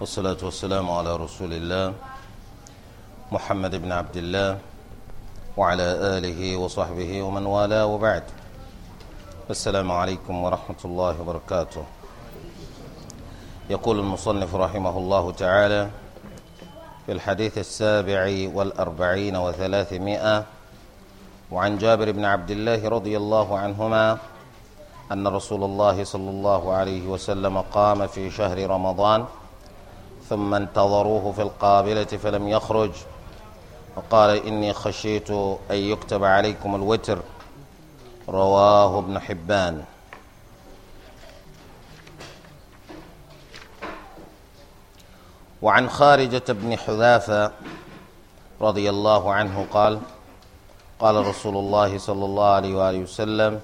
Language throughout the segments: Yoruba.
والصلاة والسلام على رسول الله محمد بن عبد الله وعلى آله وصحبه ومن والاه وبعد السلام عليكم ورحمة الله وبركاته يقول المصنف رحمه الله تعالى في الحديث السابع والأربعين وثلاثمائة وعن جابر بن عبد الله رضي الله عنهما أن رسول الله صلى الله عليه وسلم قام في شهر رمضان ثم انتظروه في القابلة فلم يخرج وقال إني خشيت أن يكتب عليكم الوتر رواه ابن حبان وعن خارجة بن حذافة رضي الله عنه قال قال رسول الله صلى الله عليه وآله وسلم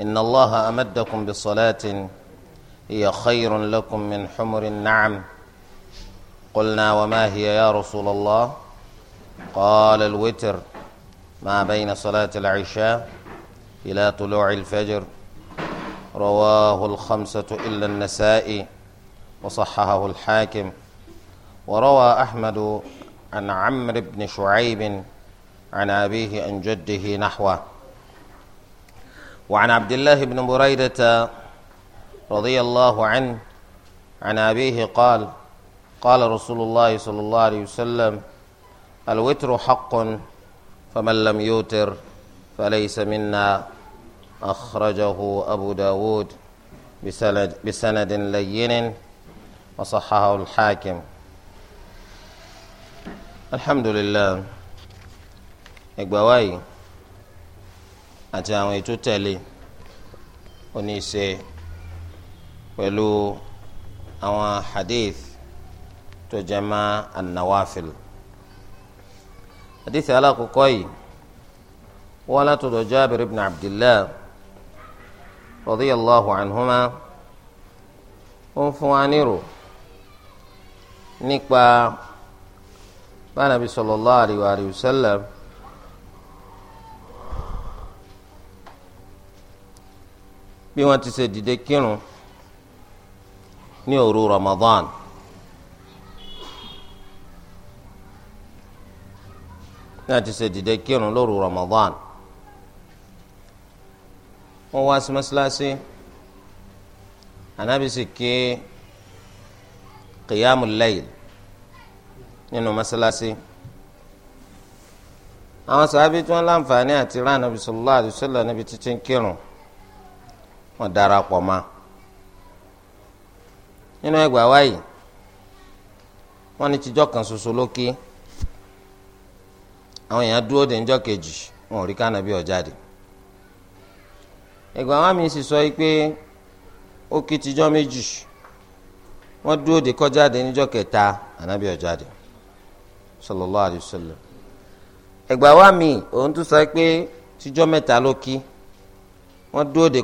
إن الله أمدكم بصلاة هي خير لكم من حمر النعم قلنا وما هي يا رسول الله قال الوتر ما بين صلاة العشاء إلى طلوع الفجر رواه الخمسة إلا النسائي وصححه الحاكم وروى أحمد عن عمرو بن شعيب عن أبيه عن جده نحوه وعن عبد الله بن بريدة رضي الله عنه عن أبيه قال قال رسول الله صلى الله عليه وسلم الوتر حق فمن لم يوتر فليس منا أخرجه أبو داود بسند, بسند لين وصححه الحاكم الحمد لله إقباوي أتاوي تتلي ونيسي ولو أوا حديث tó jẹ mọ́ an-nawafil hadithi alákọ̀ọ́kọ́ yìí wọ́n látọ̀dọ̀ Jabir ibn Abdillah radiyallahu anhuma ó ń fún wa nírò nípa bánabi sallallahu alayhi wa sallam bí wọ́n ti ṣe dìde kírun ní òru Ramadan. náà ti ṣe dìde kírun lóru Ramadan wọ́n wá sí mọ́ṣáláṣí ànábì sì ké kìyàmù layl nínú mọ́ṣáláṣí àwọn sàábí tí wọ́n láǹfààní àti rán ànábì sallallahu alaihi wasallam níbi títí ń kírun wọ́n darapọ̀ mọ́ nínú ẹgbàá wáyé wọ́n ní tíjọ́ kan ṣoṣo lókè. àwọn èèyàn dúró de ńjọ́ kejì wọn ò rí kánábì ó jáde àwọn àmì sì sọ pé ó kí tijọ́ méjì wọ́n dúró de kọjáde níjọ́ kẹta ànábì ó jáde sallallahu alayhi àwọn òun tún sọ pé tijọ́ mẹ́ta ló wọ́n dúró de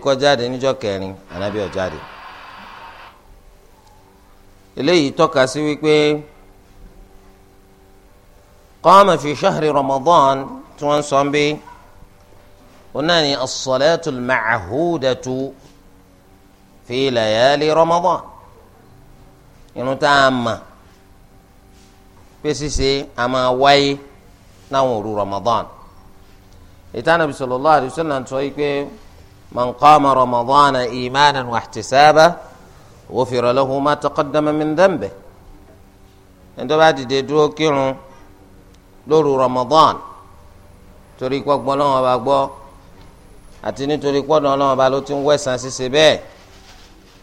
قام في شهر رمضان توان سامبي وناني الصلاة المعهودة في ليالي رمضان ينو تاما بس اما وي نور رمضان إتى النبي الله عليه وسلم من قام رمضان إيمانا واحتسابا غفر له ما تقدم من ذنبه عندما بعد دي دو lóru Ramadan torí pọ́gbọ́n ọlọ́wọ́n bá gbọ́ àti nítorí pọ́dọ̀ ọlọ́wọ́n bá ló ti ń wẹ̀sán ṣíṣe bẹ́ẹ̀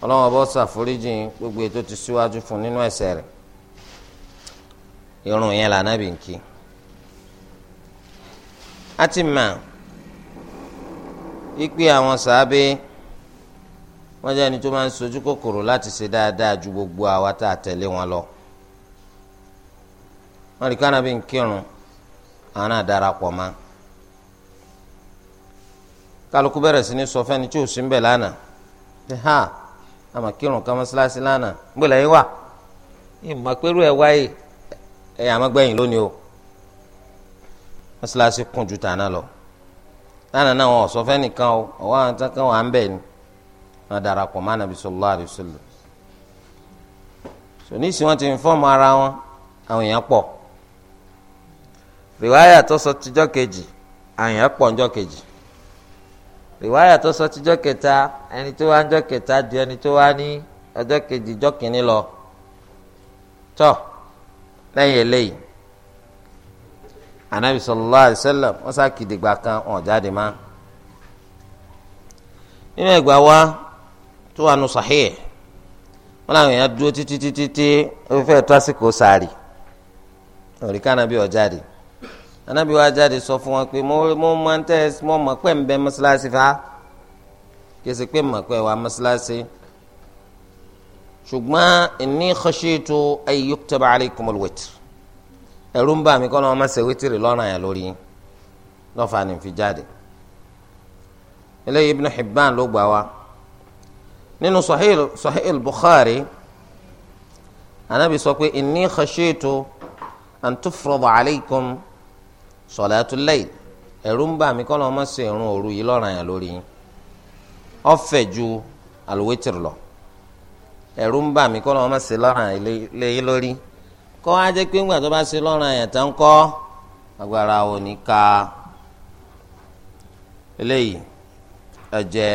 ọlọ́wọ́n bá ṣàforíjìn gbogbo ètò ti síwájú fún nínú ẹ̀ṣẹ̀ rẹ̀ irun yẹn lànà bí nkì a ti mà ipe àwọn sàábé wọ́n jẹ́ ẹni tó máa ń sojú kòkòrò láti ṣe dáadáa ju gbogbo àwa tá a tẹ̀lé wọn lọ wọ́n rí kánà bí nkírun àwọn dara darapọ̀ mọ́ kálukú sini sí ní sọ tí ò sí ń bẹ̀ lánàá ha àmọ́ kírun kan mọ́ṣáláṣí lánàá gbọ́dọ̀ wa? wà ìmọ̀ pẹ̀lú ẹ̀ wáyé ẹ̀ àmọ́ gbẹ̀yìn lónìí o mọ́ṣáláṣí kùn ju tàná lọ lánàá náà wọn ò sọ fẹ́ni kan o ọwọ́ àwọn tán kan wà ń bẹ̀ ni wọn darapọ̀ mọ́ Ànábì sallallahu alaihi wasallam sọ wọn ti ń ara wọn àwọn èèyàn pọ̀ Riwaya tó sọ tíjọ́ kejì àyàn pọ̀ ńjọ́ kejì rìwáyà tó sọ tíjọ́ kẹta ẹni tó wá ńjọ́ kẹta di ẹni tó wá ní ọjọ́ kejì jọ́ kìíní lọ tọ́ lẹ́yìn eléyìí anabi sallallahu alayhi wa sallam wọ́n sá kìdìgbà kan ọ̀n jáde má nínú ẹgbàá wa tó wà nù sàhíyẹ wọn làwọn èèyàn dúró títí títí tí ó fẹ́ tó àsìkò sàárì òrìkà náà bí ọ̀jáde anabi wa jáde sọ fún wọn pé mo mo máa ń tẹ mo mọ̀ pé ń bẹ mọ́ṣáláṣí fa kìsì pé mọ̀ pé wà mọ́ṣáláṣí ṣùgbọ́n inni khashitu ay yuktaba alaykumul witr ẹ̀rù ń bà mí kọ́ lọ́wọ́ má ṣe wítìrì lọ́rùn àyà lórí lọ́fà ni fi jáde eléyìí ibn hibban ló gbà wá nínú sahih sahih bukhari anabi sọ pé inni khashitu an tufrada alaykum sọ̀látù láyl ẹ̀rù ń bà mí kọ́ ló má ṣe ìrun òru yìí lọ́ranyàn lórí yín ó fẹ̀ ju àlùwítìrì lọ ẹ̀rù ń bà mí kọ́ ló má ṣe lọ́ranyàn lẹ́yìn lórí kọ́ á jẹ́ pé ńgbà tó bá ṣe lọ́ranyàn tán kọ́ agbára ò ní ka eléyìí ẹ̀jẹ̀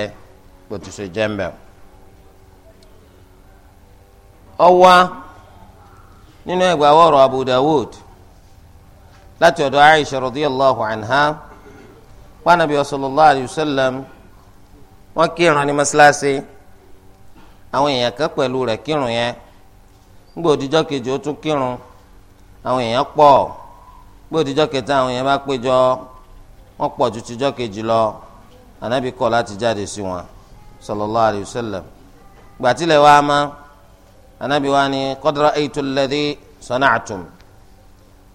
pẹ̀tùsẹ̀ jẹ́mbẹ̀ ọwá nínú ẹgbàá wọ̀rọ̀ Abu Dawud láti ọ̀dọ̀ Aisha radiyallahu anha wa Nabi sallallahu alayhi wa sallam wọ́n kírun ní mọ́ṣáláṣí àwọn èèyàn kan pẹ̀lú rẹ̀ kírun yẹn nígbà òdìjọ́ kejì ó tún kírun àwọn èèyàn pọ̀ nígbà òdìjọ́ kẹta àwọn èèyàn bá péjọ wọ́n pọ̀ ju tìjọ́ kejì lọ Ànábì kọ̀ láti jáde sí wọn sallallahu alayhi gbàtílẹ̀ wa ma Ànábì wa ni qad ra'aytu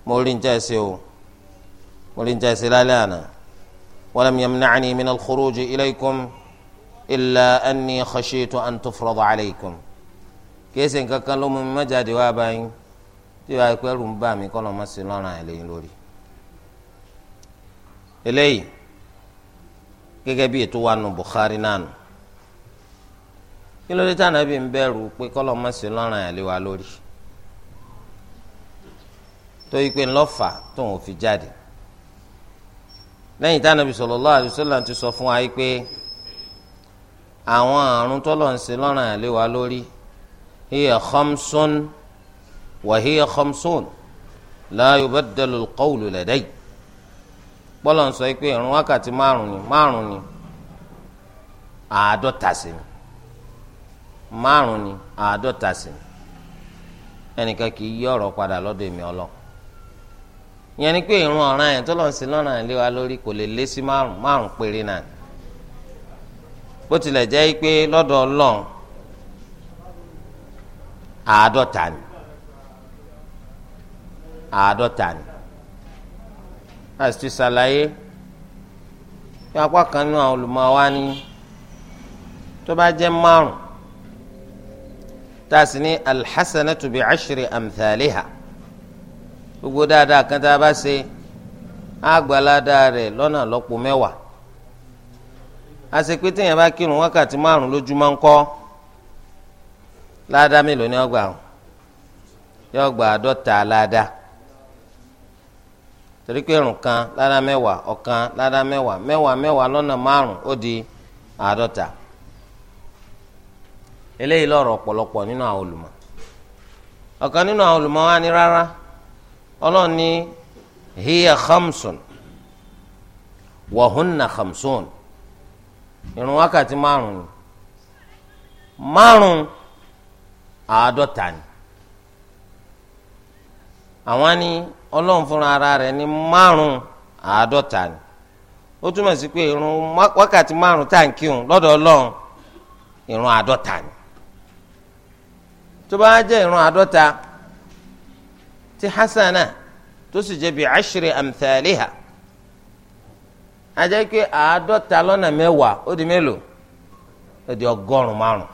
mo rí njẹ́ ṣe o mo rí njẹ́ ṣe lálẹ́ àná walam yamna'ni min al-khuruji ilaykum illa anni khashitu an tufrada alaykum kéésì nkankan ló mú mi má jáde wá báyìí tí wàá pẹ́ rù bá mi kọ́ lọ́ọ́ má sí lọ́rùn lórí eléyìí gẹ́gẹ́ bí ètò wa Bukhari náà kí ló dé tànà bí ń bẹ̀rù pé kọ́ lọ́ọ́ má sí lọ́rùn àìlẹ́wà lórí tó yí pé ńlọ́fà tóun ò fi jáde lẹ́yìn táwọn Ànábì sallallahu alaihi wasallam ti sọ fún wa yí pé àwọn àrùn tọ́lọ̀ ń ṣe lọ́ràn àlè wa lórí hiya khamsun wa hiya khamsun la yubaddalu al-qawlu laday bọ́lọ̀ ń sọ pé ìrun wákàtí márùn ni márùn ni àádọ́ta sí ni márùn ni àádọ́ta sí ni ẹnìkan kì í yí ọ̀rọ̀ padà lọ́dọ̀ èmi ọlọ́run ìyẹn ni pé ìrun ọ̀ràn yẹn tó lọ sí lọ́ràn yẹn lé wa lórí kò lè lé sí márùn márùn péré náà bó tilẹ̀ jẹ́ pé lọ́dọ̀ ọlọ́run àádọ́ta ni àádọ́ta ni àti ṣàlàyé bí apá kan nínú àwọn olùmọ̀ wa ni tó bá jẹ́ márùn tá a sì ní alhassanatu bi ashri amthaliha. gbogbo dáadáa kan tá a bá ṣe àgbàládá rẹ̀ lọ́nà lọ́pọ̀ mẹ́wàá àṣepé téèyàn bá kírun wákàtí márùn lójúmọ́ ńkọ́ láàdá mélòó ni ọgbà ọ̀hún yóò gba àádọ́ta láàdá torí pé irun kan láàdá mẹ́wàá ọ̀kan láàdá mẹ́wàá mẹ́wàá mẹ́wàá lọ́nà márùn ó di àádọ́ta eléyìí lọ́rọ̀ ọ̀pọ̀lọpọ̀ nínú àwọn olùmọ̀ ọ̀kan nínú àwọn olùmọ̀ ní rárá. ọlọ́run ní hiya khamsun wa hunna khamsun irun wákàtí márùn ni márùn àádọ́ta ni àwọn ni ọlọ́run fúnra ara rẹ̀ ní márùn àádọ́ta ni ó túmọ̀ sí pé irun wákàtí márùn tá à lọ́dọ̀ ọlọ́run irun àádọ́ta ni tó bá jẹ́ irun àádọ́ta. ti hasana tó sì jẹ́ bi ashri amthaliha ajẹ́ pé àádọ́ta lọ́nà mẹ́wàá ó di mélòó ó di ọgọ́rùn-ún márùn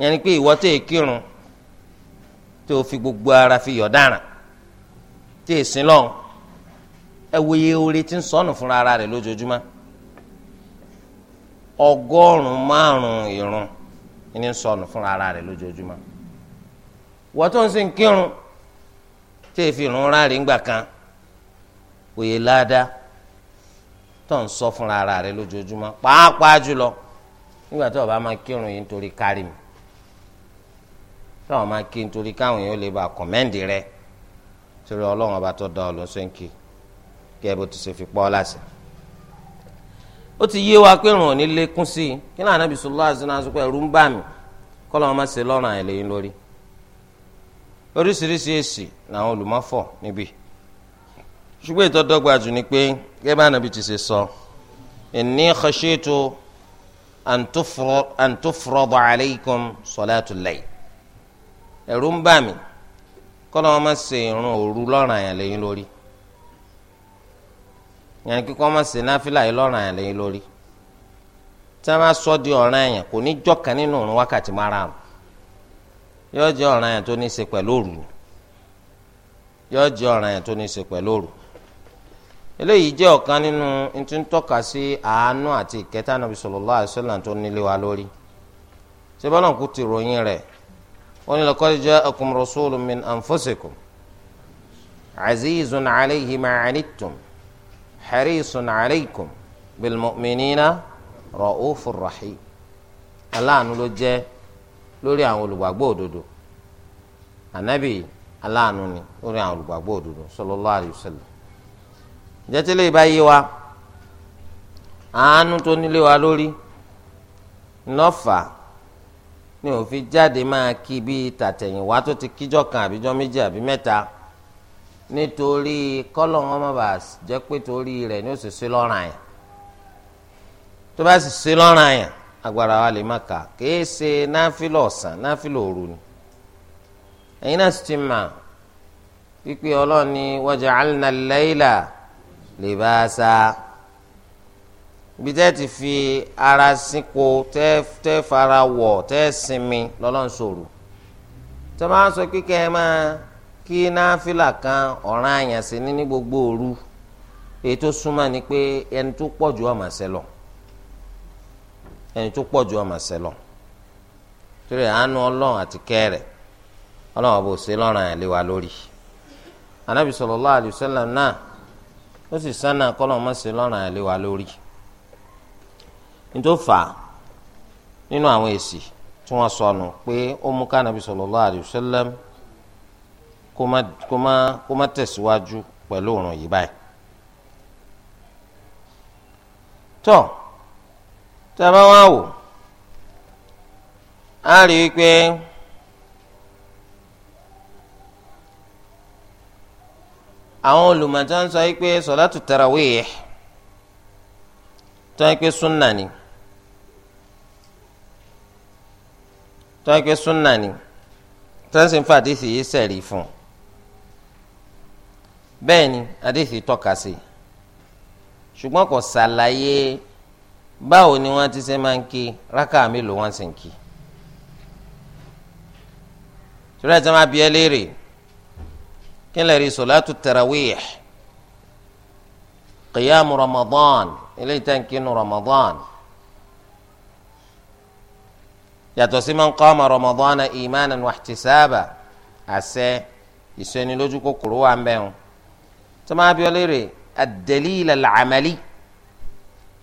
yẹn ni pé ìwọ tó yẹ kírun fi gbogbo ara fi yọ̀ tí wọ́n tó ń si kírun tí èfi rún rárí kan òye ládàá tó ń sọ fúnra ara rẹ lójoojúmọ́ pàápàá jùlọ nígbà tó o bá máa kírun yìí nítorí tó o máa ba kọ̀mẹ́ǹdì rẹ torí ọlọ́run ọba tó dá ọ ló ń sẹ́ńkì kí ẹ bó ti ṣe ti yé wa pé ràn ní lékún sí i kí àti sinasọ pé ń bà mí kọ́ lọ́wọ́ ṣe oríṣiríṣi èsì làwọn olùmọ́fọ̀ níbí ṣùgbọ́n ìtọ́dọ́gba jù ni pé gẹ́gẹ́ bá nàbí ti ṣe sọ inni khashitu an tufrada alaykum salatul layl ẹ̀rù ń bà mí kọ́nà wọn máa ṣe irun òru lọ́ràn àyàn lẹ́yìn lórí yẹn kíkọ́ máa ṣe náfìlà yìí lọ́ràn àyàn lẹ́yìn lórí tí wọ́n bá sọ di ọ̀ràn àyàn kò ní jọ́kan nínú òrùn wákàtí márùn-ún yóò jẹ́ ọ̀ràn yẹn tó ní í ṣe pẹ̀lú òru yóò jẹ́ ọ̀ràn yẹn tó ní í ṣe pẹ̀lú òru eléyìí jẹ́ ọ̀kan nínú tí ń tọ́ka sí àánú àti ìkẹta nàbí sallallahu alaihi wasallam tó nílé wa lórí ṣé bọ́lá kò ti ròyìn rẹ̀ ó ní laqad ja'akum rasulun min anfusikum azizun alayhi ma harisun alaykum bil mu'minina rahim aláàánú ló jẹ́ lórí àwọn olùgbàgbọ́ òdodo ànábì aláàánú ni lórí àwọn olùgbàgbọ́ òdodo sallallahu alaihi wasallam jẹ́tẹ́lẹ́ ìbáyé wa àánú tó nílé wa lórí ńlọ́fà ni òfin jáde máa kí bíi tàtẹ̀yìnwá tó ti kíjọ́ kan àbíjọ́ méjì àbí mẹ́ta nítorí kọ́lọ̀ wọn má bàa jẹ́ pé torí rẹ̀ ni ó sì sí lọ́ràn yẹn tó bá sì sí lọ́ràn yẹn agbára wa lè má kà kìí ṣe náfìlà ọ̀sán náfìlà òru ni ẹ̀yin náà sì ti mà pípé ọlọ́run ni waja'alna al-layla libasa ibi tẹ́ ti fi ara sínkó tẹ́ tẹ́ fara wọ̀ tẹ́ sinmi lọ́lọ́run sọ̀rọ̀ tó máa sọ kíkẹ́ ẹ máa kí náfìlà kan ọ̀ràn àyànṣe ní ní gbogbo òru èyí tó súnmọ́ ni pé ẹni tó pọ̀ jù ọ̀mọ̀ ṣẹlọ̀ ẹni tó pọ̀ ju ọmọ sẹ́lọ̀ torí àánú ọlọ́run àti kẹ́rẹ̀ ọlọ́run ọba lórí anabi sọlọ alaihi wasallam náà ó sì sánà kọ́lọ́run má ṣe lọ́rùn àyàn lé wa lórí nítorí nínú àwọn èsì tí wọ́n sọnù pé ó anabi sallallahu alaihi wasallam kó má tẹ̀síwájú pẹ̀lú tẹ́lẹ̀ wá wò á rí i pé àwọn olùmọ̀tá ń sọ yìí pé sọ̀látù tarawih tó yẹ pé súnà ni tó yẹ pé súnà ni tó yẹ sì ń fa àdìsí yìí sẹ̀rí fún bẹ́ẹ̀ ni àdìsí tọ́ka sí ṣùgbọ́n kò ṣàlàyé báwo ni wọ́n ti ṣe máa ń kí rákà mélòó wọ́n sì ń kí sọlá tí wọ́n máa bí ẹ léèrè kí lè rí sọlátù tarawih qiyam ramadan ilé ìtànkínú ramadan yàtọ̀ sí man qama ramadan imanan wahtisaba àṣẹ ìsọnilójú kòkòrò wà ń bẹ̀rù tí wọ́n máa bí ẹ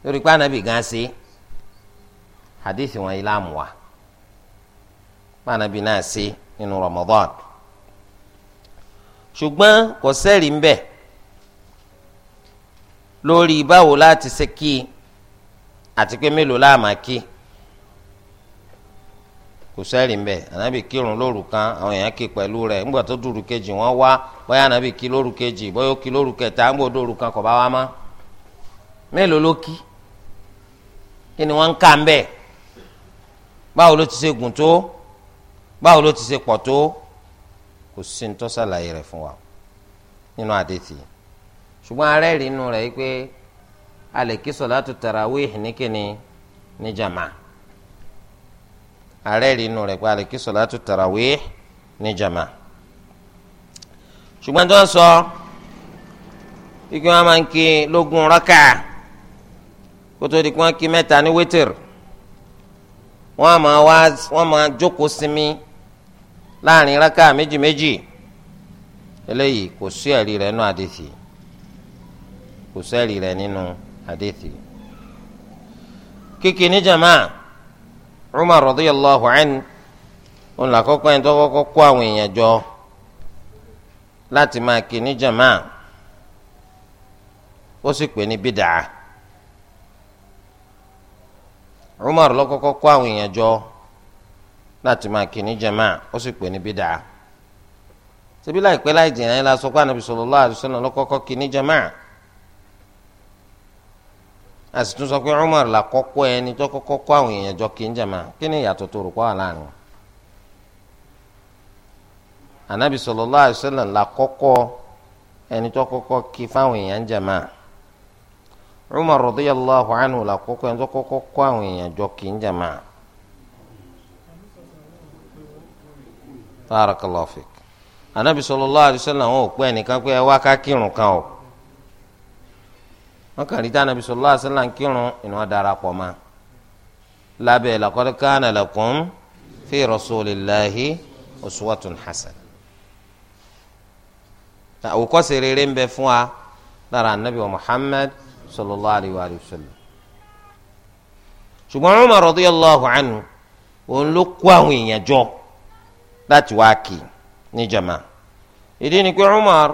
lórí pé anabi gan ṣe hadith wọn ilá mu wa anabi náà ṣe nínú Ramadan ṣùgbọ́n kò sẹ́rìí ń bẹ lórí báwo láti ṣe kí àti pé mélòó la máa kí kò sẹ́rìí mbẹ́ ànábì kírun lóru kan àwọn èèyàn kí pẹ̀lú rẹ̀ ńgbà tó dùrù kejì wọ́n wá bóyá ànábì kí lóru kejì bóyá ó kí lóru kẹta ńgbà ó dòru kan kò bá wá mọ́ mélòó ló kí kí ni wọ́n ń kà ń bẹ̀ báwo ló ti ṣe gùn tó báwo ló ti ṣe pọ̀ tó kò sí ní tó ṣàlàyé rẹ̀ fún wa nínú àdéhìí ṣùgbọ́n arẹ́rìí inú rẹ̀ pé a lè kí sọ̀látù tarawih ní kíni ní jama arẹ́rìí inú rẹ̀ pé a lè kí sọ̀látù tarawih ní jama ṣùgbọ́n tó ń sọ ikú wọn máa ń kí lógún rákà kótó di kó kí mẹ́ta ní wítìr wọ́n á máa wá wọ́n máa jókòó sinmi láàrin rákà méjì méjì eléyìí kò sí ẹ̀rí rẹ̀ nínú àdìsí kò sí ẹ̀rí rẹ̀ nínú àdìsí. kíkì ní jama Umar radiyallahu anhu òun làkọ́kọ́ ẹni tó kọ́kọ́ kó àwọn èèyàn jọ láti máa kì ní jama ó sì pè ní bídàá. Umar lọ́kọ́kọ́ kó àwọn èèyàn jọ láti máa kí ní jama ó sì pè ní bídà ṣebí láìpẹ́ láì jìnnà yẹn la sọ pé Ànábì sallallahu alaihi wasallam lọ́kọ́kọ́ kí ní jama a sì tún sọ pé Umar la kọ́kọ́ ẹni tó kọ́kọ́ kó àwọn èèyàn jọ kí ní jama kí ni ìyàtọ̀ tó rò pọ̀ wà láàrin wọn Ànábì sallallahu alaihi wasallam là kọ́kọ́ ẹni tó kọ́kọ́ kí fáwọn èèyàn jama. Umar radiyallahu anhu làkọ́kọ́ ẹni tó kọ́kọ́ kọ́ àwọn èèyàn jọ kì í jàmá. barakallahu fik anabi sallallahu alaihi wasallam wọn ò pé ẹnìkan pé ẹ wá ká kírun kan o wọn kàn rí tá anabi sallallahu alaihi wasallam kírun ìnáwó darapọ̀ mọ́ lábẹ́ laqad kana lakum fi rasulillahi uswatun hasan àwòkọ́ṣe rere ń bẹ fún wa lára anabi wa muhammad sallallahu alayhi wa sallam ṣùgbọ́n Umar radiyallahu anhu òun ló kó àwọn èèyàn jọ láti wá kí ní jama ìdí ni pé Umar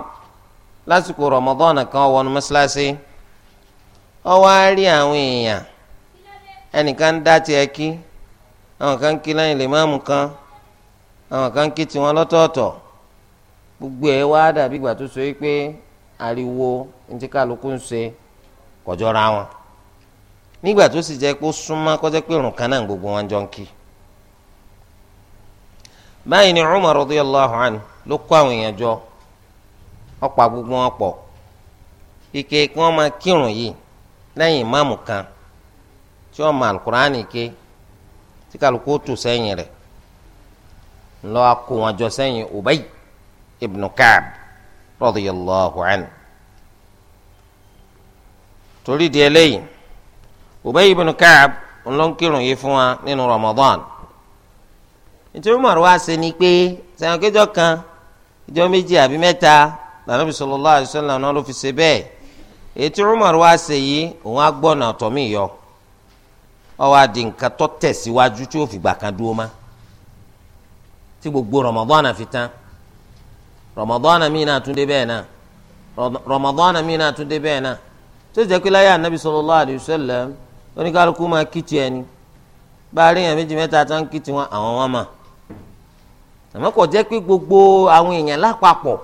lásìkò Ramadan kan wọnú mọ́ṣáláṣí ó wá rí àwọn èèyàn ẹnìkan dá tiẹ̀ kí àwọn kan kí lẹ́yìn lè máàmù kan àwọn kan kí tiwọn lọ́tọ̀ọ̀tọ̀ gbogbo ẹ̀ wá dàbí ìgbà pé ariwo ntí kálukú ń ṣe kọjọra wọn nígbà tó sì jẹ́ pé ó súnmọ́ kọjá pé irun kan náà gbogbo wọn jọ ń kí báyìí ni Umar radiyallahu anhu ló kó àwọn èèyàn jọ ọ̀pá gbogbo wọn pọ̀ ike kí wọ́n máa kírun yìí lẹ́yìn ìmáàmù kan tí wọ́n máa alukurani ké tí kálukú tù sẹ́yìn rẹ̀ ńlọ́wọ́ kó wọn jọ sẹ́yìn Ubay ibn Ka'b radiyallahu anhu. torí di eléyìí Ubay ibn Ka'ab ńlọ́nkírun yìí fún wa nínú Ramadan nítorí Umar wá ṣe ni pé sẹ́wọ̀n kéjọ kan ìjọ méjì àbí mẹ́ta lànàbí sallallahu alaihi wasallam ló fi ṣe bẹ́ẹ̀ ètò Umar wá ṣe yìí òun á gbọ́nà ọ̀tọ̀ mi yọ tó tẹ̀síwájú tí ó kan dúró má tí gbogbo Ramadan fi tán Ramadan mi náà tún dé bẹ́ẹ̀ náà Ramadan mi náà tún tó jẹ́ pé láyé anabi sallallahu alayhi wa sallam oníkálukú máa kí tiẹ̀ ni bá a rí èèyàn méjì mẹ́ta tó ń kí tiwọn àwọn wọn mà àmọ́ kò jẹ́ pé gbogbo àwọn èèyàn lápapọ̀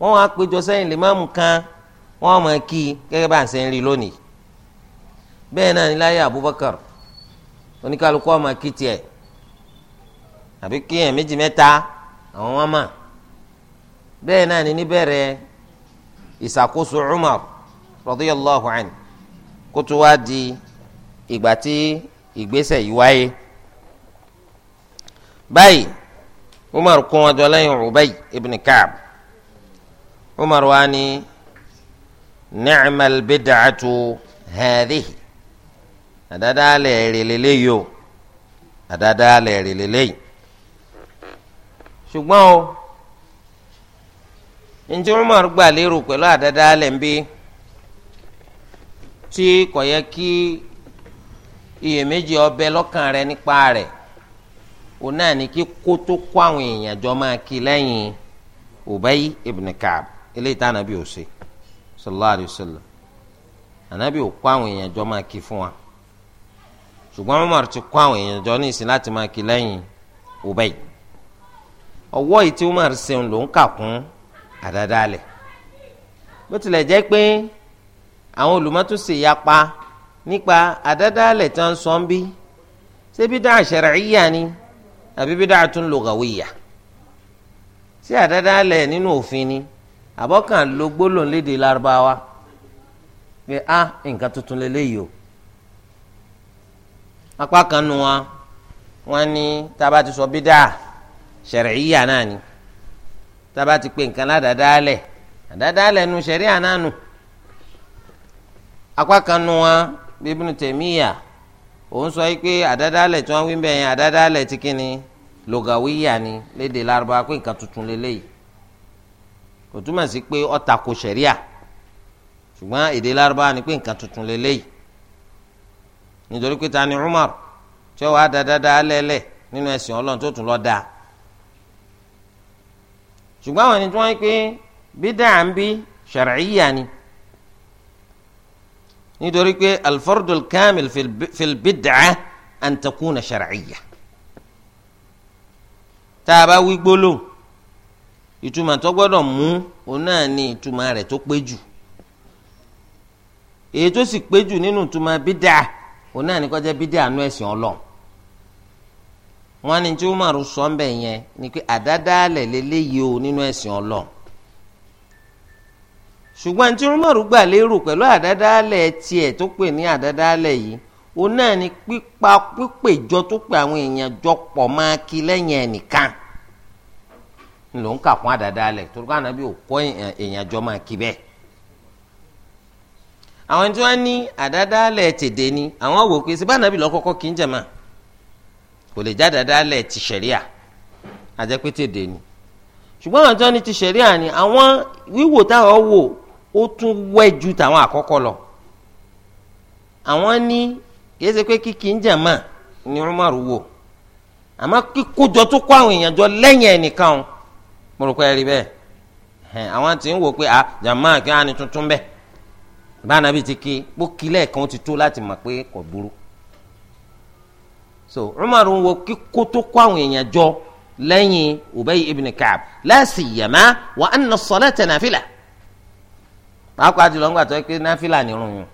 wọ́n wá péjọ sẹ́yìn lè má mú kan wọ́n máa kí gẹ́gẹ́ bá ń sẹ́yìn rí lónìí bẹ́ẹ̀ náà ní láyé Abubakar oníkálukú ọmọ kí tiẹ̀ àbí kí èèyàn méjì mẹ́ta àwọn wọn mà bẹ́ẹ̀ náà ní níbẹ̀rẹ̀ ìṣàkóso Umar radiyallahu anhu kó tó wá di ìgbà tí ìgbésẹ̀ yìí wáyé báyìí umar kún wọn jọ lẹ́yìn ubay ibn kaab umar wa ni ni'mal bid'atu hadhihi àdáadáa lẹ̀ẹ́rẹ̀ lélẹ́yìí o àdáadáa lẹ̀ẹ́rẹ̀ ṣùgbọ́n o njẹ́ umar gbà lérò pẹ̀lú àdáadáa lẹ̀ tí kò yẹ kí iyèméjì ọbẹ̀ lọ́kàn rẹ nípa rẹ̀ o náà ní kí kó tó kó àwọn èèyàn jọ máa kí lẹ́yìn Ubay ibn Ka'b eléyìí tá ànábì ò ṣe sallallahu sallam ànábì ò kó àwọn èèyàn jọ máa kí fún wa ṣùgbọ́n Umar ti kó àwọn èèyàn jọ ní ìsìn láti máa kí lẹ́yìn Ubay ọwọ́ yìí tí Umar ṣeun ló ń kà kún àdádálẹ̀ bó tilẹ̀ jẹ́ pé àwọn olùmọ́tòsè yapa nípa àdádálẹ̀ tí wọ́n sọ ń bí ṣé bídà ṣẹ̀rẹ̀íyà ni àbí bídà tún lùgàwíyà ṣé àdádálẹ̀ nínú òfin ni àbọ̀kàn ló gbólóhùn léde lárúbáwá pé a nǹkan tuntun lélẹ́yìí o apá kan nu wọn wọn ní tába ti sọ bídà ṣẹ̀rẹ̀íyà náà ni tába ti pè nǹkan ládàádálẹ̀ àdádálẹ̀ nu ṣẹ̀ríà náà nù. apá kan nu òun sọ yìí pé àdádálẹ̀ tí wọ́n wí bẹ́ẹ̀ yẹn àdádálẹ̀ ti kíni lògàwíyà ni léde laraba pé nǹkan tuntun lélẹ́yìí kò túmọ̀ sí pé ó tako ṣùgbọ́n èdè laraba ni pé nǹkan tuntun lélẹ́yìí nítorí pé ta ni Umar tí wàá dáadáa lẹ́lẹ̀ nínú ẹ̀sìn ọlọ́run tó tún lọ́ọ́ ṣùgbọ́n àwọn ẹni tí wọ́n ń nítorí pé alfardul kamil fil bid'ah an takuna shar'iyya tá a bá wí gbólóhùn ìtumọ̀ tó gbọ́dọ̀ mú òun náà ní ìtumọ̀ rẹ̀ tó pé jù èyí tó sì pé jù nínú ìtumọ̀ bídà òun náà ní kọjá bídà àánú ẹ̀sìn ọlọ́run wọn ni tí umaru sọ ń bẹ̀ yẹn ni pé àdádálẹ̀ lélẹ́yìí o nínú ẹ̀sìn ọlọ́run ṣùgbọ́n tí Umaru gbà lérò pẹ̀lú àdádálẹ̀ tiẹ̀ tó pè ní àdádálẹ̀ yìí òun náà ni pípa pípèjọ tó pe àwọn èèyàn jọ pọ̀ máa kí lẹ́yìn ẹnìkan ló ń kà fún àdádálẹ̀ torí káwọn àbí òkọ́ èèyàn jọ máa kí bẹ́ẹ̀. àwọn tí wọ́n ní àdádálẹ̀ tèdè ni àwọn wò pé ṣe bá nàbì lọ́kọ́kọ́ kí ń jẹ̀mọ́ kò lè já àdádálẹ̀ ti ṣẹ̀ríà àjẹpẹ́ tèdè ni ṣùgbọ́n àwọn tí wọ́n ní ti ṣẹ̀ríà ni àwọn wíwò táwọn wò ó tún wẹ̀ ju tàwọn àkọ́kọ́ lọ àwọn ní kìí ṣe pé kíkì ń jàmà ni Umar wò àmọ́ kíkójọ tó kó àwọn èèyàn jọ lẹ́yìn ẹnìkan o mo rò pé ẹ rí bẹ́ẹ̀ àwọn tí ń wò pé jàmà kí wọ́n á ní tuntun bẹ́ẹ̀ bánabi ti ké gbókì lẹ́ẹ̀kan ti tó láti mọ̀ pé kò burú so Umar ń wo kíkó tó kó àwọn èèyàn jọ lẹ́yìn Ubay ibn Ka'b la siyama wa anna as-salata nafila. pàápàá jùlọ ńgbà tó pé náfìlà nírun wọn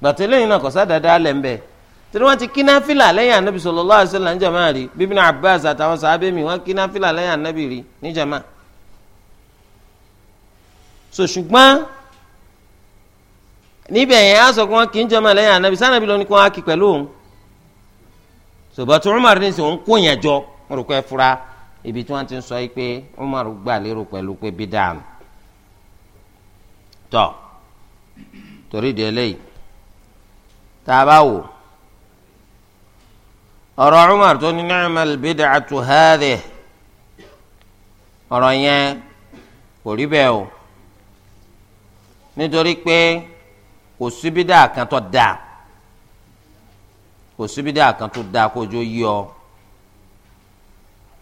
gbàtọ́ lẹ́yìn náà kò sádàdá lẹ̀ ń bẹ̀ torí wọ́n ti kí náfìlà lẹ́yìn ànábì sallallahu alaihi wasallam níjàmá rí bíbí náà Abbas àtàwọn wọ́n kí náfìlà rí sọ pé wọ́n kì í jàmá lẹ́yìn ànábì sànàbí ló ní kí jọ ibi tí ti sọ yìí pé Umar gbà tọ torí di eléyìí tá a bá wò ọ̀rọ̀ Umar tó ní ni'mal bid'atu hadhihi ọ̀rọ̀ yẹn kò rí bẹ́ẹ̀ o nítorí pé kò síbídà kan tó dáa kò síbídà kan tó dáa kó jó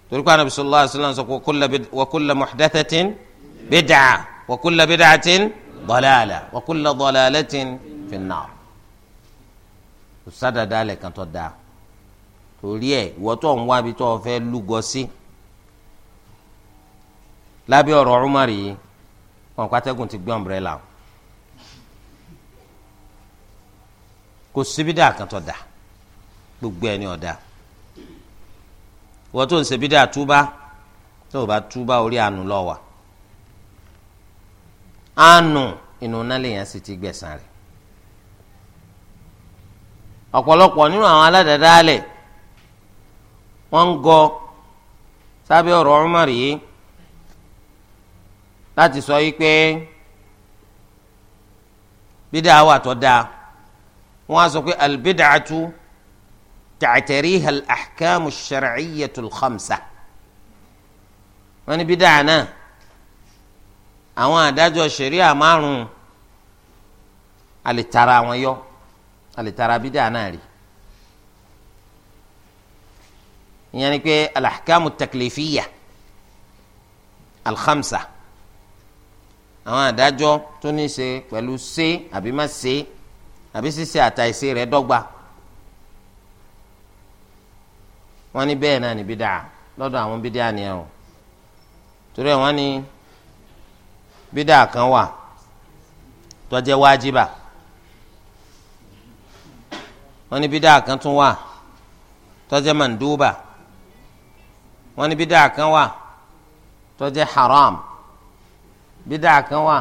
torí pé anabi sallallahu alaihi wasallam sọ wa kullu muhdathatin bid'ah wa kullu bid'atin dọlẹ́àlà wa kullu dalalatin fin-nar kò sádàdà alẹ̀ kan tó da torí ẹ̀ ìwọ tó ń wá bi tó fẹ́ lúgọ sí lábẹ́ ọ̀rọ̀ Umar yìí wọn kó atẹ́gùn ti gbé ọ̀mbrẹ́là kò síbi dà kan tó da gbogbo ẹni ọ̀dà ìwọ tó ń ṣe bídà túbá tó o bá túbá orí àánú lọ́wọ́ àánú inú nálẹ̀ yẹn sì ti gbẹ̀san rẹ̀ ọ̀pọ̀lọpọ̀ nínú àwọn aládàádáálẹ̀ wọ́n ń gọ sábẹ́ ọ̀rọ̀ Umar yìí láti sọ yìí pé bídà wà tó dáa wọ́n á sọ pé albidàtu ta'tariha al-ahkamu ash-shar'iyyatu al-khamsa wọ́n bídà náà àwọn àdájọ́ ṣẹ̀ríà márùn-ún àlètara àwọn yọ àlètara bídà náà rí ìyẹn ni pé alahkamu taklifiya alhamsa àwọn àdájọ́ tó ní ṣe pẹ̀lú ṣe àbí má ṣe àbí ṣíṣe àtàìṣe rẹ̀ dọ́gba wọ́n ní bẹ́ẹ̀ náà ní bídà lọ́dọ̀ àwọn bídà nìyẹn o torí ẹ̀ wọ́n ní bídà kan wà tó jẹ́ wájibà wọ́n ní bídà kan tún wà tó jẹ́ mandúbà wọ́n ní bídà kan wà tó jẹ́ haram bídà kan wà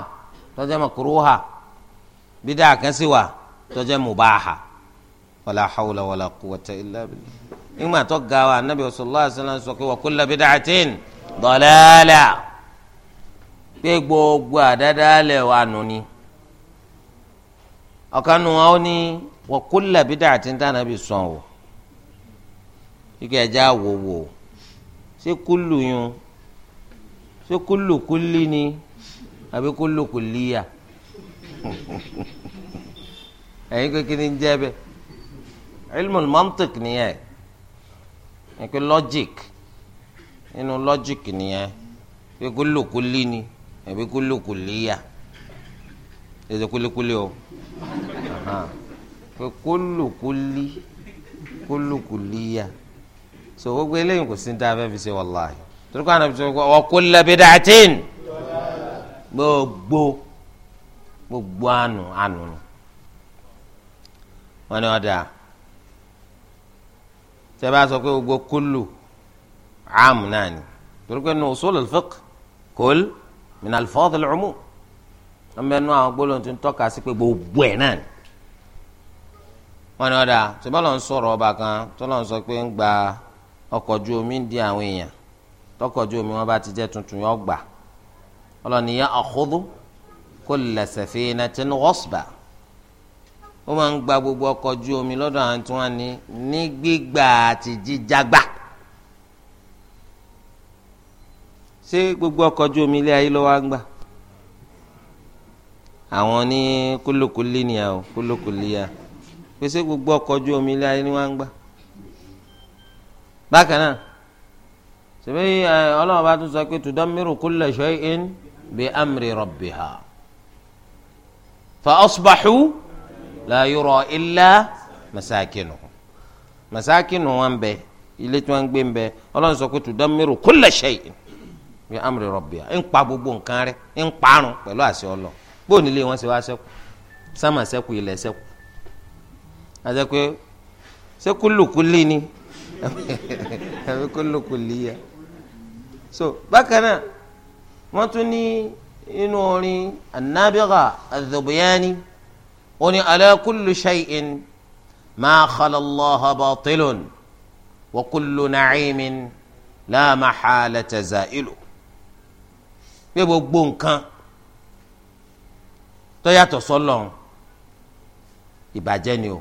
tó jẹ́ makuruha bídà kan sì wà tó jẹ́ mubaha wala hawla wala quwwata illa ìgbà tó ga wa anabi sallallahu alaihi wasallam sọ pé wa kullu bid'atin dalala pé gbogbo àdádálẹ̀ wa nù ni ọ̀kan nù wọn ó ní wa kulla bid'atin tánà bí sàn o kíkẹ́ ẹja wò wò ṣé kúlù yun ṣé kúlù kúlì ni àbí kúlù kúlìyà ẹ̀yin kékeré ń jẹ́ bẹ́ẹ̀ ilmul mantiq nìyẹn ẹ̀ pé logic nínú logic nìyẹn pé kúlù kúlì ni ẹbí kúlùkùlìyà ẹsẹ kúlíkúlí o pé kúlùkùlì kúlùkùlìyà so gbogbo eléyìí kò sí ní tá a fẹ́ fi ṣe wàláhì torí kó àná fi ṣe wọ́n kó lẹ́bi dàtín gbogbo gbogbo àánú àánú wọn ni wọn dà tẹ sọ pé gbogbo kúlù àmù náà ni torí pé nù usul al-fiqh min al-alfaz al-umum wọn bẹ nu àwọn gbólóhùn tó ń tọ́ka sí pé gbogbo ẹ̀ náà ni wọn ni wọn dà ṣùgbọ́n lọ́n sọ̀rọ̀ ọba kan tó lọ́n sọ pé ń gba ọkọ̀ ojú omi ń di àwọn èèyàn tọkọ̀ ojú omi wọn bá ti jẹ́ tuntun yọ gbà ọlọ́ni ya'khudhu kulla safinatin ghasba ó máa ń gba gbogbo ọkọ̀ ojú omi lọ́dọ̀ àwọn tí wọ́n ní ní gbígbà àti jíjàgbà. ṣé gbogbo ọkọ̀ ojú omi ilé ayé lọ́wọ́ á gbà àwọn ní kúlòkúlì ni àwọn kúlòkúlì yà pé ṣé gbogbo ọkọ̀ ojú omi ilé ayé ni wọ́n á gbà bákan náà ṣèbí ọlọ́run bá tún sọ pé tudammiru kulla shay'in bi amri rabbiha fa asbahu la yura illa masakinuhum masakinu wọn bẹ ilé tí wọn gbé ń bẹ ọlọ́run sọ pé tudammiru kulla shay'in bí amri rọ̀bìà ń pa gbogbo nǹkan rẹ̀ ń parun pẹ̀lú àṣẹ ọlọ bóun nílé wọn ṣe wá sẹ́kù sámà sẹ́kù ilẹ̀ sẹ́kù àti pé sẹ́kùlùkùlì ni àbí kùlùkùlì yá so bákan náà wọ́n tún ní inú orin anábìgà àdùbìyàní wọ́n ní shay'in ma khala Allaha wa kullu na'imin la mahala taza'ilu pé gbogbo nǹkan tó yàtọ̀ sọ́lọ́run ìbàjẹ́ ni o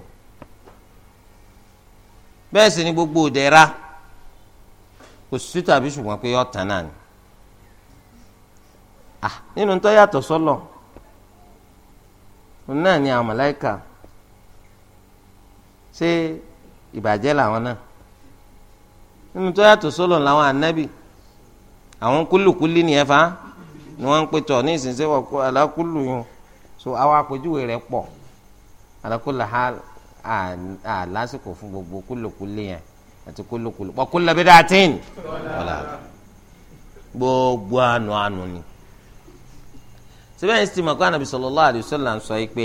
bẹ́ẹ̀ sì ni gbogbo ìdẹ̀ra kò sí tàbí ṣùgbọ́n pé ọ̀tàn náà ni nínú tó yàtọ̀ sọ́lọ̀ òun náà ni àwọn màláíkà ṣé ìbàjẹ́ làwọn náà nínú tó yàtọ̀ sọ́lọ̀ làwọn ànábì àwọn kúlùkúlì nìyẹn fa ni wọ́n ń pè tọ̀ ní ìsinsìnyí wọ́n kó alákùlù yun so àwọn àpèjúwe rẹ̀ pọ̀ alákùlù ha à lásìkò fún gbogbo kúlòkúlè yẹn àti kúlòkúlò pọ̀ kúlòbí dàtín gbogbo àánú àánú ni síbẹ̀ ní sítìmọ̀ kó ànàbì sallallahu alaihi ń sọ yìí pé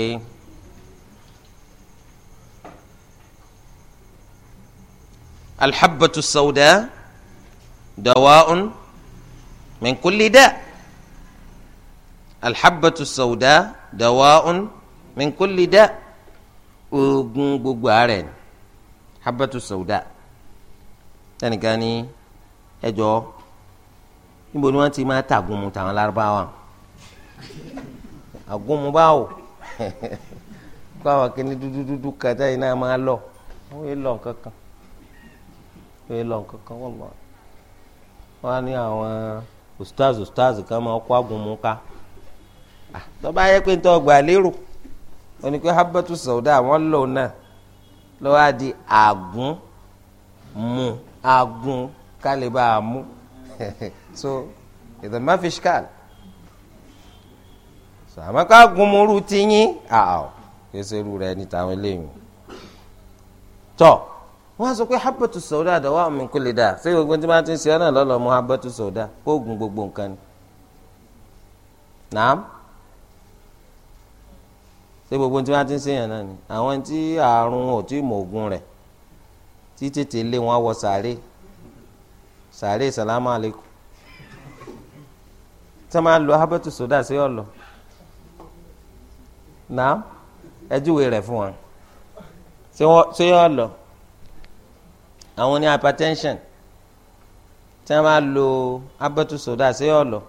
alḥabbatu sawda dawa'un min kulli da' alḥabatu sawda dawaun min kulli da oògùn gbogbo àárẹ̀ ni habatu sawda tẹnìkan ní ẹjọ níbo ni wọ́n ti máa tàgùn mu tàwọn lárúbáwá àgùnmu báwò kó àwọn akíní dúdúdúdú kàtá yìí náà máa lọ wọ́n yé lọ kankan wọ́n yé lọ kankan wọ́n lọ wọ́n á àwọn ustaz ustaz kan máa kó àgùnmu ká. Ah, tọ́ba yẹ pé ń tọ́ gbà lérò òní pé habatu sauda wọ́n lò náà lọ́wọ́ á di àgún mu àgún kálíbà mú so ìdàmà fishkal so àmọ́ ká gunmuru ti yín àwọ̀ kẹsẹ̀ irú rẹ̀ ní tàwọn eléyìí tọ́ wọ́n á sọ pé habatu sauda dọ̀wọ́ min kulli dà ṣé gbogbo tí wọ́n ti ń ṣe ọ́ náà lọ́lọ́ mu habatu sauda kó gun gbogbo nǹkan ni naam ṣé gbogbo tí wọ́n ti ń ṣèyàn náà ni àwọn tí àrùn ò tí mọ ògùn rẹ̀ tí tètè lé wọn wọ sàárè sàárè sàlámù alaykum tí wọ́n máa lo habatu soda sí ọ̀lọ́ náà ẹjúwe rẹ̀ fún wọn ṣé yọ lọ àwọn ní hypertension tí wọ́n máa lo habatu soda sí ọ̀lọ́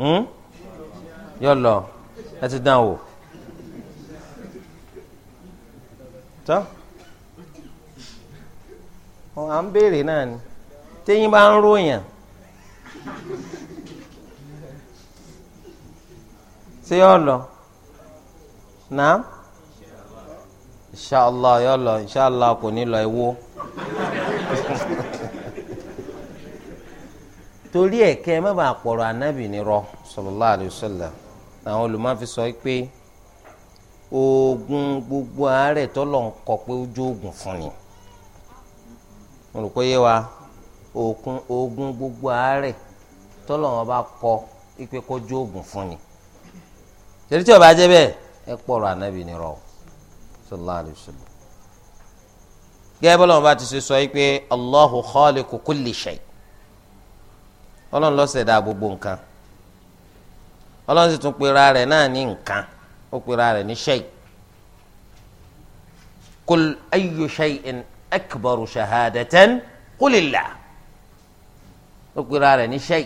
hmm? yọ lọ ẹ ti dán o tọ́ à ń béèrè náà ni téyín bá ń ròyàn ṣé yọ lọ náà inṣàlá yọ lọ inṣàlá kò ní lọ ewo torí ẹ má bàa pọ̀rọ̀ ànábì ní rọ sallallahu alaihi wasallam àwọn olùmọ̀fi sọ pé oògùn gbogbo àárẹ̀ tọ́lọ̀ ń kọ pé ó jóògùn fún ni mo rò pé yé wa oògùn gbogbo àárẹ̀ tọ́lọ̀ wọn bá kọ pé kó jóògùn fún ni torí tí o bá jẹ́ bẹ́ẹ̀ ẹ pọ̀rọ̀ ànábì ni rọ sallallahu alayhi wa sallam gẹ́gẹ́ bọ́lá wọn bá ti ṣe sọ pé Allahu khaliqu kulli shay Ọlọ́run ló ṣẹ̀dá gbogbo nǹkan ọlọ́run sì tún pera rẹ̀ náà ní nǹkan ó pera rẹ̀ ní shay kul ayu shay'in akbaru shahadatan kulila ó pera rẹ̀ ní shay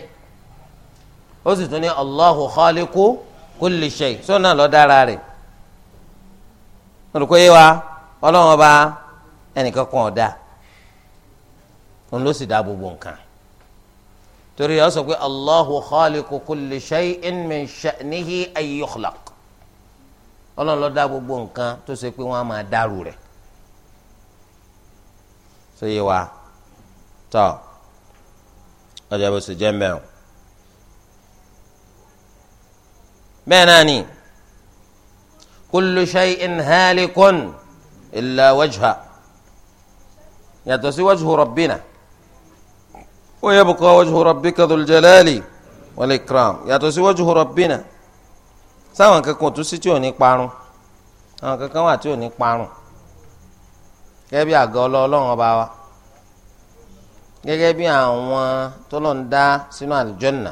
ó sì tún ní allahu khaliqu kulli shay sọ́nà lọ́ọ́ dára rẹ̀ olùkọ́ yé wa ọlọ́run ọba ẹnìkan kan ọ̀dà òun ló sì dá gbogbo nǹkan torí ọ sọ pé allahu khaliqu kulli shay'in min sha'nihi an yukhlaq ọlọ́run ló dá gbogbo nǹkan tó ṣe pé wọ́n á máa dàrú rẹ̀ ṣé yé wa tọ́ ọjà bó ṣe jẹ́ mẹ́rin bẹ́ẹ̀ náà ni kullu shay'in halikun illa wajha yàtọ̀ sí wajhu rabbina. ويبقى وجه ربك ذو الجلال jalali wal ikram yàtọ̀ sí wajhu rabbina sáwọn kankan tó sí tí ò ní parun àwọn kankan wà tí ò ní parun gẹ́gẹ́ bí àgọ́ ọlọ́run ọba wa gẹ́gẹ́ bí àwọn tọ́lọ̀ ń dá sínú àlùjọ́nà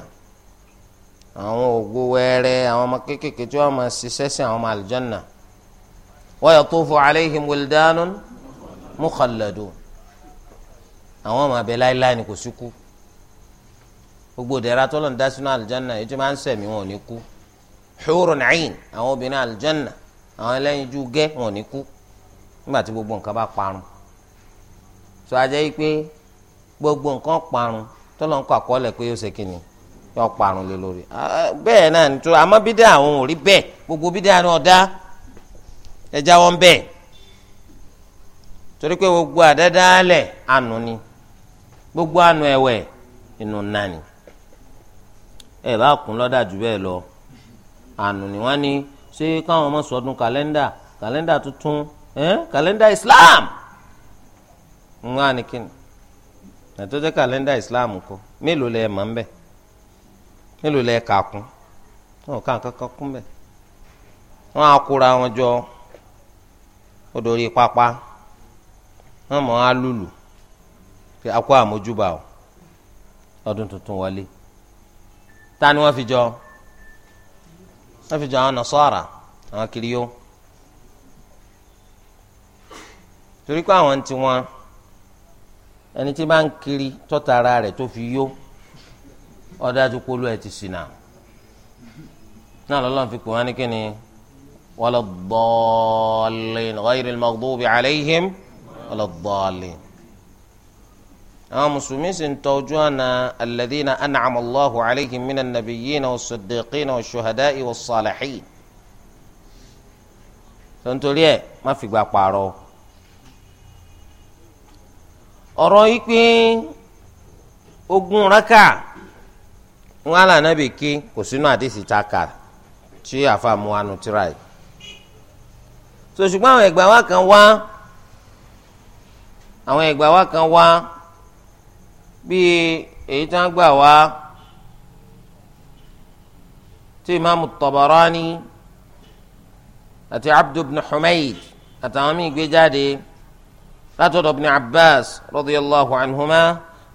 àwọn ògo wẹ́rẹ́ àwọn ọmọ kéékèèké tí wọ́n máa ṣiṣẹ́ sí àwọn ọmọ àlùjọ́nà wa yatufu alayhim wildanun mukhalladun àwọn ọmọ abẹ láéláé ni kò sí kú gbogbo ìdẹ̀ra tọ́lọ̀ ń dá sínú àlùjánà ètò máa ń sẹ̀mí wọn ò ní kú hurun ayin àwọn obìnrin àlùjánà àwọn ẹlẹ́yinjú gẹ́ wọn ò ní kú nígbà tí gbogbo nǹkan bá parun tó a jẹ́ pé gbogbo nǹkan parun tọ́lọ̀ ń kọ́ àkọọ́lẹ̀ pé yóò ṣe kí ni yóò parun lé lórí bẹ́ẹ̀ náà nítorí àmọ́ bídẹ́ àwọn ò rí bẹ́ẹ̀ gbogbo bídẹ́ àwọn ọ̀dá ẹja wọn bẹ́ẹ̀ torí pé gbogbo àdẹ́dálẹ̀ ànú ni gbogbo àánú ẹ̀wẹ̀ inú nani ẹ bá kún lọ́dà jù bẹ́ẹ̀ lọ àánú ni wọ́n ní ṣé káwọn ọmọ sọdún kàlẹ́ndà kàlẹ́ndà tuntun kàlẹ́ndà Islam ń wá ní kíni ẹ̀tọ́ jẹ́ kàlẹ́ndà Islam kọ mélòó lẹ mọ̀ ń bẹ̀ mélòó lẹ kà kún wọn kà kankan kún bẹ̀ wọn á kóra wọn jọ odò orí pápá wọn mọ̀ á kí akọ àmójúbà o ọdún tuntun wọlé ta ni wọ́n fi jọ wọ́n fi jọ àwọn nasara àwọn kiriyó torí pé àwọn ti wọn ẹni tí bá ń kiri tọ́ta ara rẹ̀ tó fi yó ọ̀dájú polú ẹ̀ ti sìn náà lọ́lọ́run fi pè wọ́n ní kíni wala ddallin ghayril maghdubi alayhim wala ddallin àwọn mùsùlùmí sì ń tọ ojú ọ̀nà alladhina an'ama Allahu alayhim minan nabiyyina was-siddiqina wash-shuhada'i was-salihin tontori ẹ má fìgbà pààrọ̀ ọ̀rọ̀ yìí pé ogún raka wọn àlà náà ké kò sínú àdìsí taka tí àfàmù anu tira yìí so àwọn ẹ̀gbà wa kan wá àwọn ẹ̀gbà wa kan wá bíi èyí tí wọ́n gbà wá tí imaamu Tabarani àti Abdu ibn Humayd àtàwọn míì gbé jáde látọ̀dọ̀ ibn Abbas radiyallahu anhuma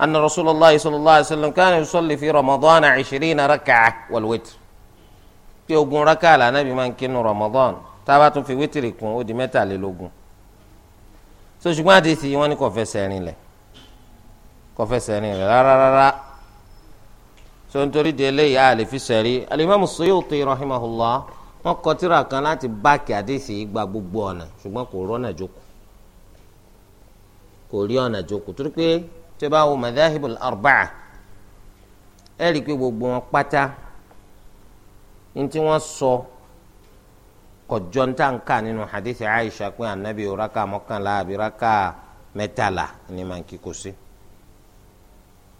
anna rasulallah sallallahu alayhi wa sallam kana yusalli fi ramadan ishirina raka'a wal witr pé ogún la anabi máa kinu ramadan tába tún fi wítìrì kún ó di mẹ́tàlélógún so ṣùgbọ́n àdìsí wọn ni kò fẹsẹ̀ rinlẹ̀ kọfẹsẹ̀ rìn rẹ̀ rárárárá tó ń torí de eléyìí a lè fi sẹ̀rí alimami Suyuti rahimahullah wọn kọ tírà kan láti báàkì àdéhìí gba gbogbo ọ̀nà ṣùgbọ́n kò rọ́nà jókòó kò rí ọ̀nà jókòó torí pé tí o bá wo madahibul arba'a ẹ rí i pé gbogbo wọn pátá ní tí wọ́n sọ kọjọ́ ní tàǹkà nínú hadithi Aisha pé anabi raka mọ́kànlá àbí raka ni màá kí kò sí.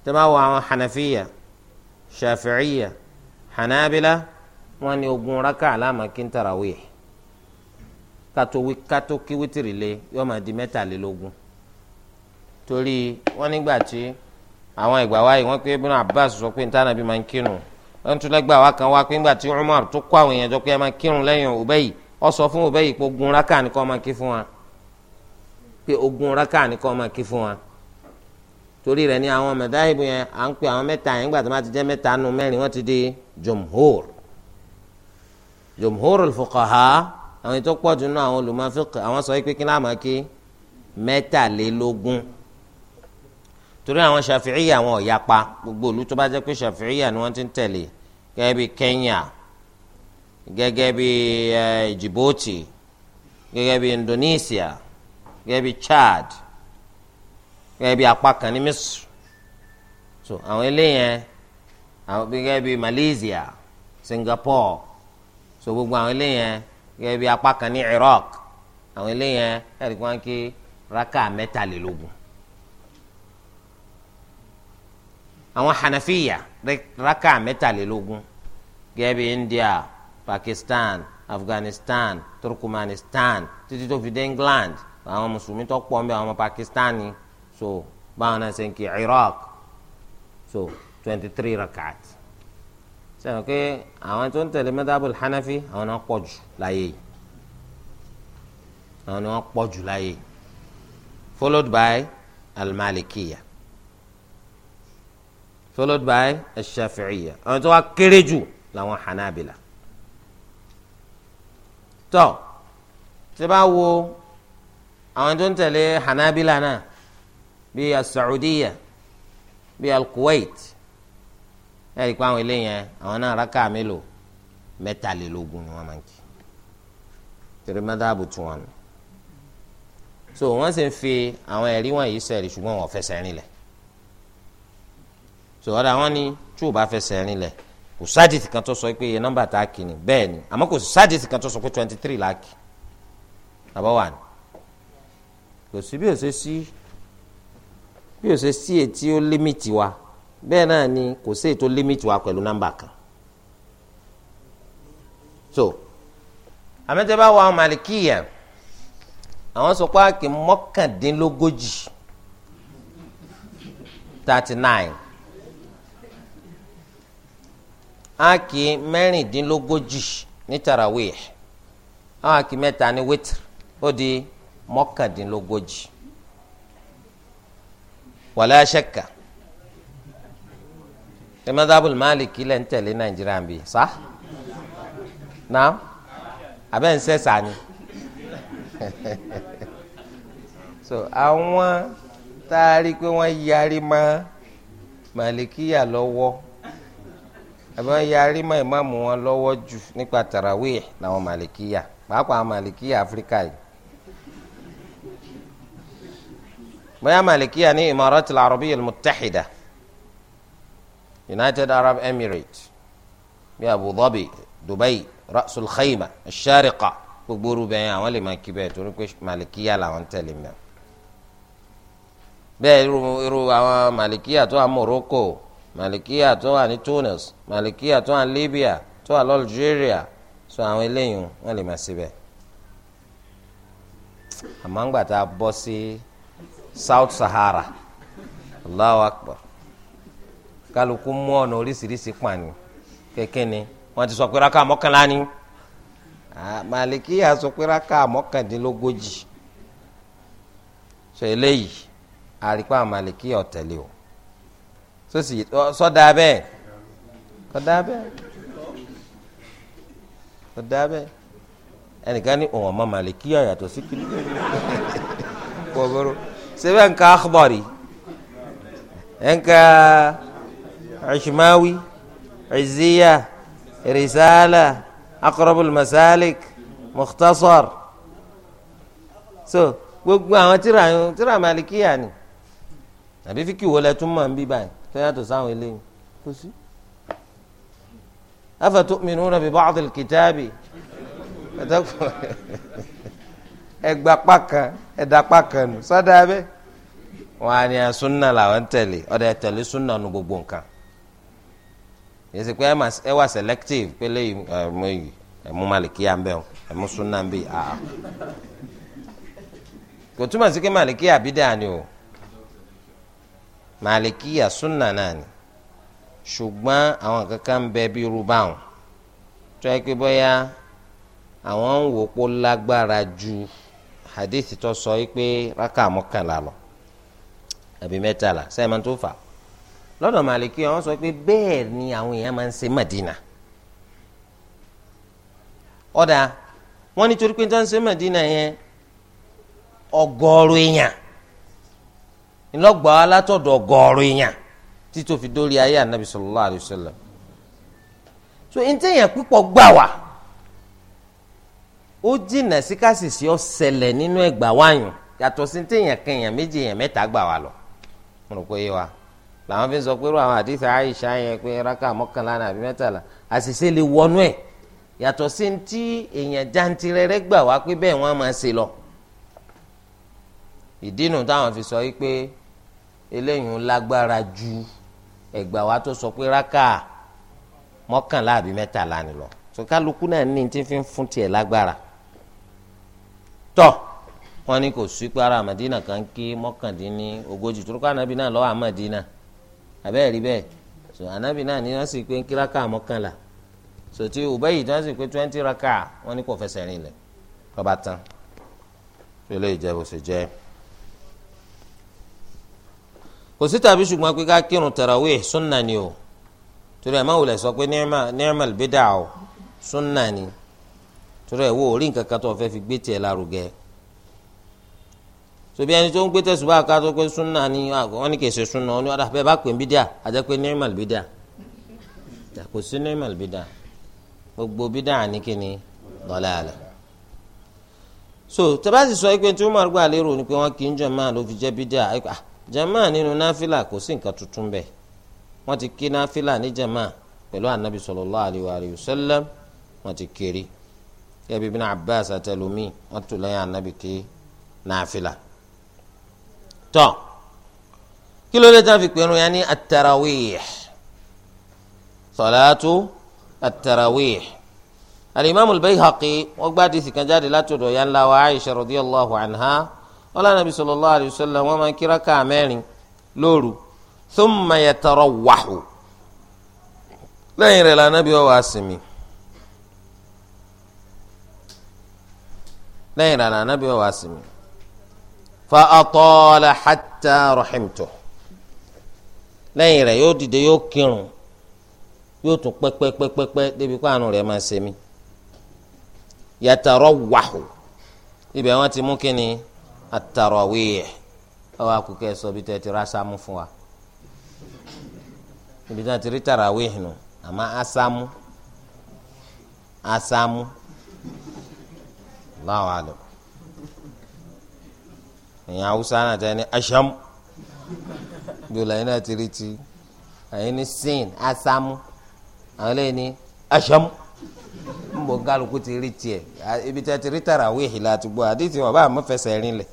tẹ́lẹ̀ wọ àwọn hanafiya shafi'iya hanabila wọ́n ní ogún raka alámakí tarawih kátó wí kátó kí le lé yóò máa di mẹ́tàlélógún torí wọ́n nígbà tí àwọn ìgbà wáyé wọ́n pé abbas sọ pé nítaànà bí máa ń kírun wọ́n tún lẹ́gbàá wá kan wá pé nígbà tí umar tó kó àwọn èèyàn jọ pé ẹ máa kírun ọ sọ fún pé raka máa kí fún wa pé fún wa. torí rẹ̀ ni àwọn mẹdáhìbù yẹn à ń pè àwọn mẹ́ta yẹn gbàtà máa ti jẹ́ mẹ́ta nu mẹ́rin wọ́n ti di jumhur jumhur al-fuqaha àwọn ètò pọ̀jù nínú àwọn olùmọ̀fíkì àwọn sọ pé kí láàmú kí mẹ́tàlélógún torí àwọn ṣàfihìyà àwọn ọ̀yapa gbogbo ìlú tó bá jẹ́ pé ṣàfihìyà ni wọ́n ti ń tẹ̀lé gẹ́gẹ́ bí Kenya gẹ́gẹ́ bí eh, Djibouti gẹ́gẹ́ bí Indonesia gẹ́gẹ́ bí Chad gẹ́gẹ́ bí apá kan ní Misr so àwọn eléyẹn àwọn gẹ́gẹ́ bí Malaysia Singapore so gbogbo àwọn eléyẹn gẹ́gẹ́ bí apá kan ní Iraq àwọn eléyẹn ẹ̀rí wọn kí raka mẹ́tàlélógún àwọn Hanafiya raka mẹ́tàlélógún gẹ́gẹ́ bí India Pakistan Afghanistan Turkmenistan títí tó fi dé England àwọn mùsùlùmí tó pọ̀ ń bẹ àwọn Pakistani. so báwọn náà ṣe ń kí iraq so twenty three rakat sẹ́wọ̀n pé àwọn tó ń tẹ̀lé madhabul hanafi àwọn náà pọ̀ jù láyé àwọn náà pọ̀ jù láyé followed by al-malikiya followed by al-shafi'iya àwọn tó wá kéré jù làwọn hanabila tọ́ tí bá wo àwọn tó ń tẹ̀lé hanabila náà. bíi asaudiya bíi alkuwait ẹ rí i pé àwọn eléyẹn àwọn náà rákà mélòó mẹ́tàlélógún ni wọ́n máa ń kí torí mádàbù tún wọn. so wọ́n sì ń fi àwọn ẹ̀rí wọ̀nyí sẹ̀rí ṣùgbọ́n wọ́n fẹsẹ̀ rinlẹ̀ so ọ̀dà wọn ni tí ò bá fẹsẹ̀ rinlẹ̀ kò sádìsì kan tó sọ pé iye nọ́mbà tá a kì ni bẹ́ẹ̀ ni àmọ́ kò sádìsì kan tó sọ pé twenty three láàkì àbọ̀ wà ní kò sí bí ó ṣe sí. Si, bí o ṣe sí ètí ó límìtì wa bẹ́ẹ̀ náà ni kò sí ètò límìtì wa pẹ̀lú nọ́mbà kan so àmẹ́tẹ́bá wa màlìkíyà àwọn sọ pé àkè mọ́kàndínlógójì thirty nine àkè mẹ́rìndínlógójì ní tarawih àwọn àkè mẹ́ta ní wítìrì ó di mọ́kàndínlógójì wala shakka ṣé madhabul Maliki lẹ́ ń tẹ̀lé Nàìjíríà ń bì sá náà abẹ́ ń sẹ́sà ni so àwọn tá a rí i pé wọ́n yarí mọ́ Malikiya lọ́wọ́ àbí wọ́n yarí mọ́ ìmáàmù wọn lọ́wọ́ jù nípa tarawih làwọn Malikiya pàápàá Malikiya Áfíríkà yìí bóyá malikiya ní imaratul arabiya mutahida united arab emirates bí abu dhabi dubai rasul khayma sharika gbogbo orúbẹ̀yìn àwọn lè máa kí bẹ́ẹ̀ torí pé malikiya làwọn tẹ̀lé mẹ́rin bẹ́ẹ̀ irú irú àwọn malikiya tó wà morocco malikiya tó wà ní tunis malikiya tó wà ní libya tó wà ní algeria so àwọn eléyìí wọ́n lè máa ṣe bẹ́ẹ̀ àmọ́ ń gbà tá a bọ́ sí. Si, South Sahara Allahu Akbar mú ọ̀nà oríṣiríṣi kékeré ni ti sọ pé raka mọ́kànlá ni sọ pé raka mọ́kàndínlógójì sọ eléyìí o sọsì bẹ́ẹ̀ bẹ́ẹ̀ bẹ́ẹ̀ ẹnìkan ní ọmọ yàtọ̀ sí سيبقى انك اخضري انك عشماوي عزيه رساله اقرب المسالك مختصر so gbogbo àwọn tíra àwọn tíra malikiya ni àbí fíkì wo lẹ tún mọ̀ ń bí báyìí tó yàtọ̀ sáwọn eléyìí kò sí. afatu'minuna bi ba'd al-kitabi ẹgbà pàkan ẹ̀dà pàkan nù sọ́dà abẹ́ wọn á ní sunna làwọn tẹ̀lé ọ̀dà tẹ̀lé sunna nu gbogbo nǹkan yẹsẹ pé ẹ wà selective pé lẹ́yìn ẹmú yìí ẹmú malikiya bẹ ọ ẹmú sunna ń bẹ àá kò túmọ̀ sí pé malikiya bídà ni o malikiya sunna náà ni ṣùgbọ́n àwọn kankan ń bẹ bí irú báwọn tó yẹ pé bóyá àwọn ń wò pó lágbára ju hadith tó sọ yìí pé rákà mọ́kànlá lọ àbí mẹ́tàlá sẹ́yìn máa tó fà lọ́dọ̀ màlìkí wọn sọ pé bẹ́ẹ̀ ni àwọn èèyàn máa ń ṣe Màdínà ọ̀dà wọn nítorí pé nítorí ṣe Màdínà yẹn ọgọ́rùn èèyàn ńlọgbàá alátọ̀dọ̀ ọgọ́rùn èèyàn títí fi dórí ayé ànábì sallallahu alaihi wasallam so ntẹ̀yàn púpọ̀ gbà wá ó jìnnà síkàsìsì ọ̀sẹ̀lẹ̀ nínú ẹgbàá wáyùn yàtọ̀ sí ntẹ̀yàn kan èèyàn méjì èèyàn mẹ́ta gbà wá lọ mo rò pé yé wa làwọn fi ń sọ pé irú àwọn àdìsí àyíṣà yẹn pé rákà mọ́kànlá nàbí mẹ́tàlá àṣìṣe lè wọnú ẹ̀ yàtọ̀ sí ní tí èèyàn jantirẹrẹ gbà wá pé bẹ́ẹ̀ wọ́n máa ṣe lọ ìdínú táwọn fi sọ yìí pé eléyìí lágbára ju ẹgbà wa tó sọ pé rákà mọ́kànlá àbí mẹ́tàlá ni lọ so kálukú náà ní ti fi ń fún tiẹ̀ lágbára tọ́. So, wọ́n ní kò sí pé ara àmàdínà kan kí mọ́kàndínní ogójì tó kọ́ ànábì náà lọ́wọ́ àmàdínà àbẹ́ẹ̀ rí bẹ́ẹ̀ so ànábì náà ní wọ́n sì pé kíráka mọ́kànlá so tí Ubayy tí wọ́n sì pé twenty wọ́n ní kò fẹsẹ̀ kọ́ba tán tó lè jẹ́ bó ṣe jẹ́ kò sí tàbí ṣùgbọ́n pé ká kírun sunna ni o torí ẹ̀ sọ pé o sunna ni torí ẹ̀ orí nǹkan kan tó fẹ́ sobi ẹni tó ń gbé tẹ̀sùbá ká tó pé súnà ni wọ́n ní kì í ṣe súnà wọ́n ní ọ̀dà bẹ́ẹ̀ bá pè ń bídíà àjẹ́ pé normal bídíà kò sí normal bídíà gbogbo bídíà ní kíni lọ́lá àlẹ́ so tabasi sọ pé tí Umar gba lérò ni pé wọn kì í jàmáà ló fi jẹ bídíà ah jàmáà nínú náfìlà kò sí nǹkan tuntun bẹ́ẹ̀ wọn ti kí náfìlà ní jàmáà pẹ̀lú anabi sallallahu alaihi wa sallam wọn ti kéré ẹbí Ibn Abbas àtẹlómi wọn tò lẹ́yìn anabi kí náfìlà tọ́ kí ló dé tá a fi pè irun yẹn ní atarawih salatu atarawih alimami albayhaqi wọ́n gbá di sìkan jáde látọ̀dọ̀ yẹn ńlá wa aisha radiyallahu anha wọn lànà bí sallallahu alayhi wa máa ń kíra ká lóru thumma yatarawwahu lẹ́yìn rẹ̀ lànà bí wọ́n wá sinmi. lẹ́yìn rẹ̀ lànà bí wọ́n wá sinmi fa atọ́lá hàtà rahimtu lẹ́yìn rẹ̀ yóò dìde yóò kírun yóò tún pẹ́pẹ́pẹ́pẹ́ débi kó àánú rẹ̀ máa ṣe mí yàtàrọ̀ wàhù ibẹ̀ wọ́n ti mú kínní àtàràwíyẹ̀ ọwọ́ akókè sọ bí tẹ́ ti rà sámú fún wa ibi tí wọ́n ti rí tàràwíyẹ̀ nù àmọ́ àsámú àsámú láwọn ẹ̀yin haúsá náà tẹ́ ní asham gbọ́dọ̀ ẹ̀yin náà ti rí ti ẹ̀yin ní sin asamu àwọn eléyìí ní asham ń bọ̀ ti rí tiẹ̀ ibi tẹ́ ti rí tarawih ìhìlá àtúgbò àdìsí wọn bá àmọ́ fẹsẹ̀ rin lẹ̀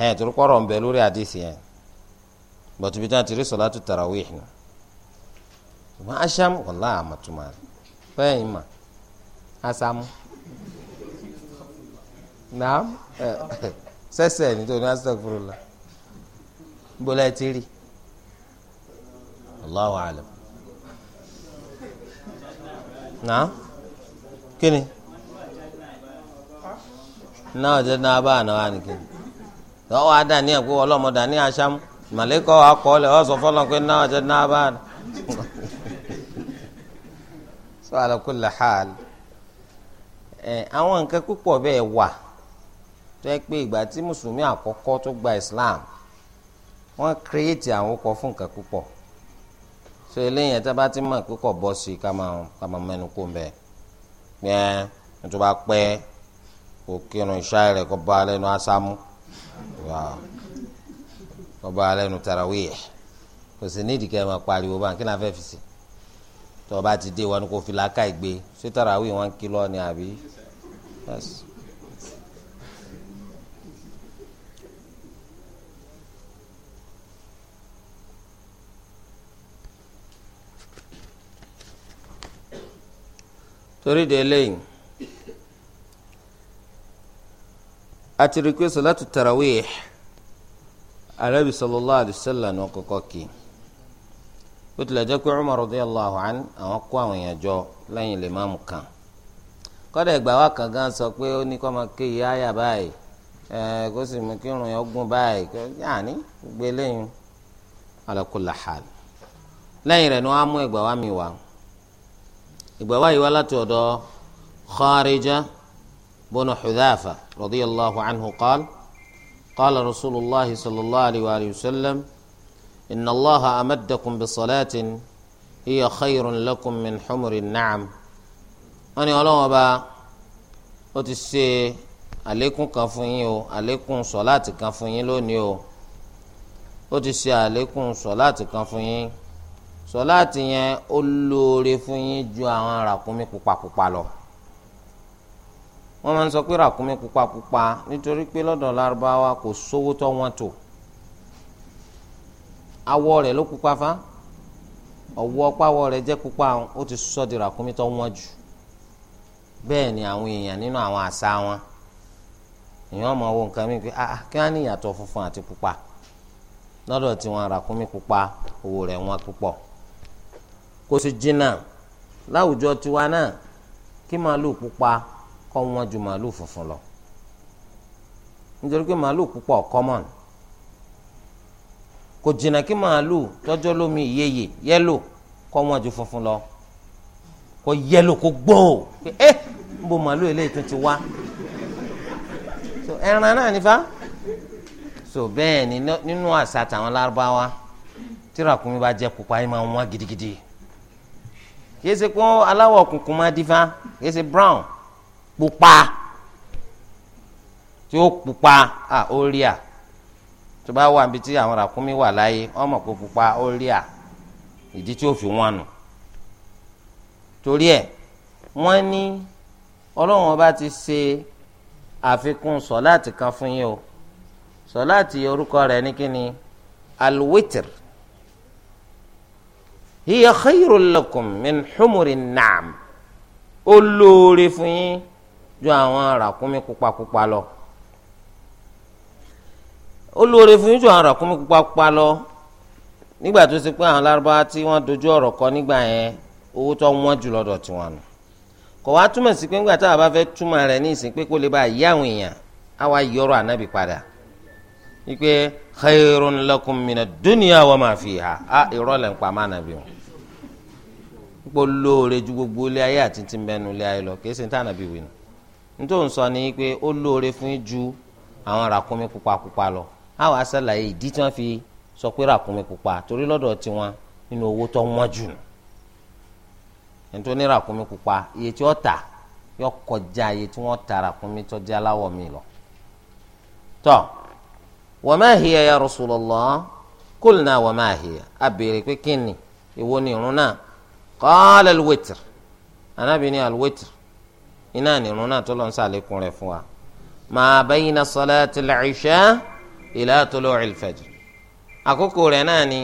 ẹ̀ẹ́n torí kọ́rọ̀ ń bẹ lórí àdìsí yẹn bọ̀tù bí táwọn ti rí sọ̀lá tó tarawih ìhìn wàlá bẹ́ẹ̀ ni mà asamu naam. sẹ́sẹ̀ nítorí ní astaghfirullah gbọ́dọ̀ ẹ ti rí Allahu alam na kini náà jẹ náà bá àná wa nìkan lọ́wọ́ adani ẹ̀kú ọlọ́mọdà ní aṣáájú màlẹ́kọ̀ akọọ́lẹ̀ ọ̀sọ̀ fọlọ́n pé náà jẹ náà bá àná. sọ ala kulli ẹ àwọn tó yẹ pé ìgbà tí mùsùlùmí àkọ́kọ́ tó gba islam wọ́n kírètì àwọn ọkọ fún nǹkan púpọ̀ so eléyìí ẹ̀ta bá ti mọ̀ púpọ̀ bọ́ sí ká máa mẹ́nu kó mbẹ́ pẹ́ẹ́n tó bá pẹ́ kò kírun ìṣá rẹ̀ kó bá lẹ́nu ásámú kó bá lẹ́nu tarawih kò sì ní ìdíkẹ́ máa pariwo báyìí kí ni a fẹ́ fi sí tó o bá ti dé wọn kó fi làákà ìgbé sí tarawih wọn kí lọ́ọ̀ ni àbí. torí de eléyìí àti rí pé sọlátù tarawih arábì sallallahu alayhi wa sallam ní kọ́kọ́ kì í ó tilẹ̀ jẹ́ pé Umar radiyallahu an àwọn kó àwọn èèyàn jọ lẹ́yìn lè máàmù kan kọ́dà ìgbà wa kan gan sọ pé ó ní kó máa ké yá yà báyìí ẹ̀ kó sì mú kí irun yẹn gún báyìí yàní gbé lẹ́yìn ala kulli lẹ́yìn rẹ̀ ni wọ́n á mú ìgbà wa mi wá ìgbà wáyé wá láti ọ̀dọ̀ Kharija bọ́nà Hudhafa radiyallahu anhu qal qala rasulillah sallallahu alayhi wa sallam inna allaha amaddakum bi salatin hiya khayrun lakum min humri na'am wọ́n ní ọlọ́wọ́n bá ó ti ṣe àlékún kan fún yín o àlékún sọ̀láàtì kan fún yín lónìí o ó ti ṣe àlékún sọ̀láàtì kan fún yín sọláàtì yẹn ó lóore fún yín ju àwọn ràkúnmí pupapupa lọ wọ́n máa ń sọ pé ràkúnmí pupapupa nítorí pé lọ́dọ̀ lárúbáwá kò sówó tó wọ́n tó awọ rẹ̀ ló pupa fa ọwọ́ pàwọ́ rẹ̀ jẹ́ pupa ó ti sọ di ràkúnmí tó wọ́n jù bẹ́ẹ̀ ni àwọn èèyàn nínú àwọn àṣà wọn èèyàn máa wo nǹkan mi pé ah, ah kí wọ́n ní ìyàtọ̀ funfun àti pupa lọ́dọ̀ tí ràkúnmí pupa owó rẹ̀ wọ́n púpọ̀ kò sì jìnnà láwùjọ tiwa náà kí màálùú pupa kọ́ wọ́n ju màálùú funfun lọ nítorí pé màálùú pupa common kò jìnnà kí màálùú tọ́jọ́ lómi ìyeyè yẹ́lò kọ́ wọ́n ju funfun lọ kò yẹ́lò kò gbòò pé ẹ́ eh, ń bo màálùú eléyìí tún ti wá ẹran náà nífa so bẹ́ẹ̀ ni nínú àṣà tàwọn lárúbáwá tí ràkúnmí bá jẹ́ pupa yìí máa ń wá gidigidi kìí ṣe kó aláwọ̀ kùnkùn máa dífá kìí ṣe brown pupa tí ó pupa à ó rí à tó bá wà níbi tí àwọn ràkúnmí wà láyé ọmọ kò pupa ó rí à ìdí tí ó fi wọn nù torí ẹ̀ wọ́n ní ọlọ́run ọba ti ṣe àfikún sọ̀láàtì kan fún yín o sọ̀láàtì orúkọ rẹ̀ ní kíni alwitr hiya khayrun lakum min humuri naam ó lóore fún yín ju àwọn ràkúnmí pupapupa lọ ó lóore fún yín ju àwọn ràkúnmí pupapupa lọ nígbà tó ṣe pé àwọn lárúbáwá tí wọ́n dojú ọ̀rọ̀ kọ nígbà yẹn owó tó wọ́n jù lọ́dọ̀ tiwọn nù kò wá túmọ̀ sí pé nígbà tá a bá fẹ́ túmọ̀ rẹ̀ ní ìsìn pé kó lè bá yí àwọn èèyàn á wá yọrọ ànábì padà wípé khayrun lakum mina dunya wa ma fiha a irọ́ lẹ̀ ń pa má nàbí wọn. pípọ̀ lóore ju gbogbo ilé ayé àti ti mẹ́nu ilé ayé lọ kìí ṣe tá nàbí wí nù. nítorí sọ ni pé ó lóore fún yín ju àwọn ràkúnmí pupa pupa lọ a wàá ṣàlàyé ìdí tí wọ́n fi sọ pé ràkúnmí pupa torí lọ́dọ̀ tiwọn nínú owó tó wọ́n jù nù. nítorí ní ràkúnmí pupa iye tí wọ́n tà yọ kọjá iye tí wọ́n tà ràkúnmí tó jẹ́ aláwọ̀ mi lọ. tọ́ wa ma hiya ya Rasulullah kulna wa ma hiya abèrè pé kí ni èwo ni irun náà qala al-witr anábì ní al-witr iná ni irun náà tó lọ ń sàlékún rẹ̀ fún wa ma bayna salati al-isha ila tulu'i al-fajr àkókò rẹ̀ náà ni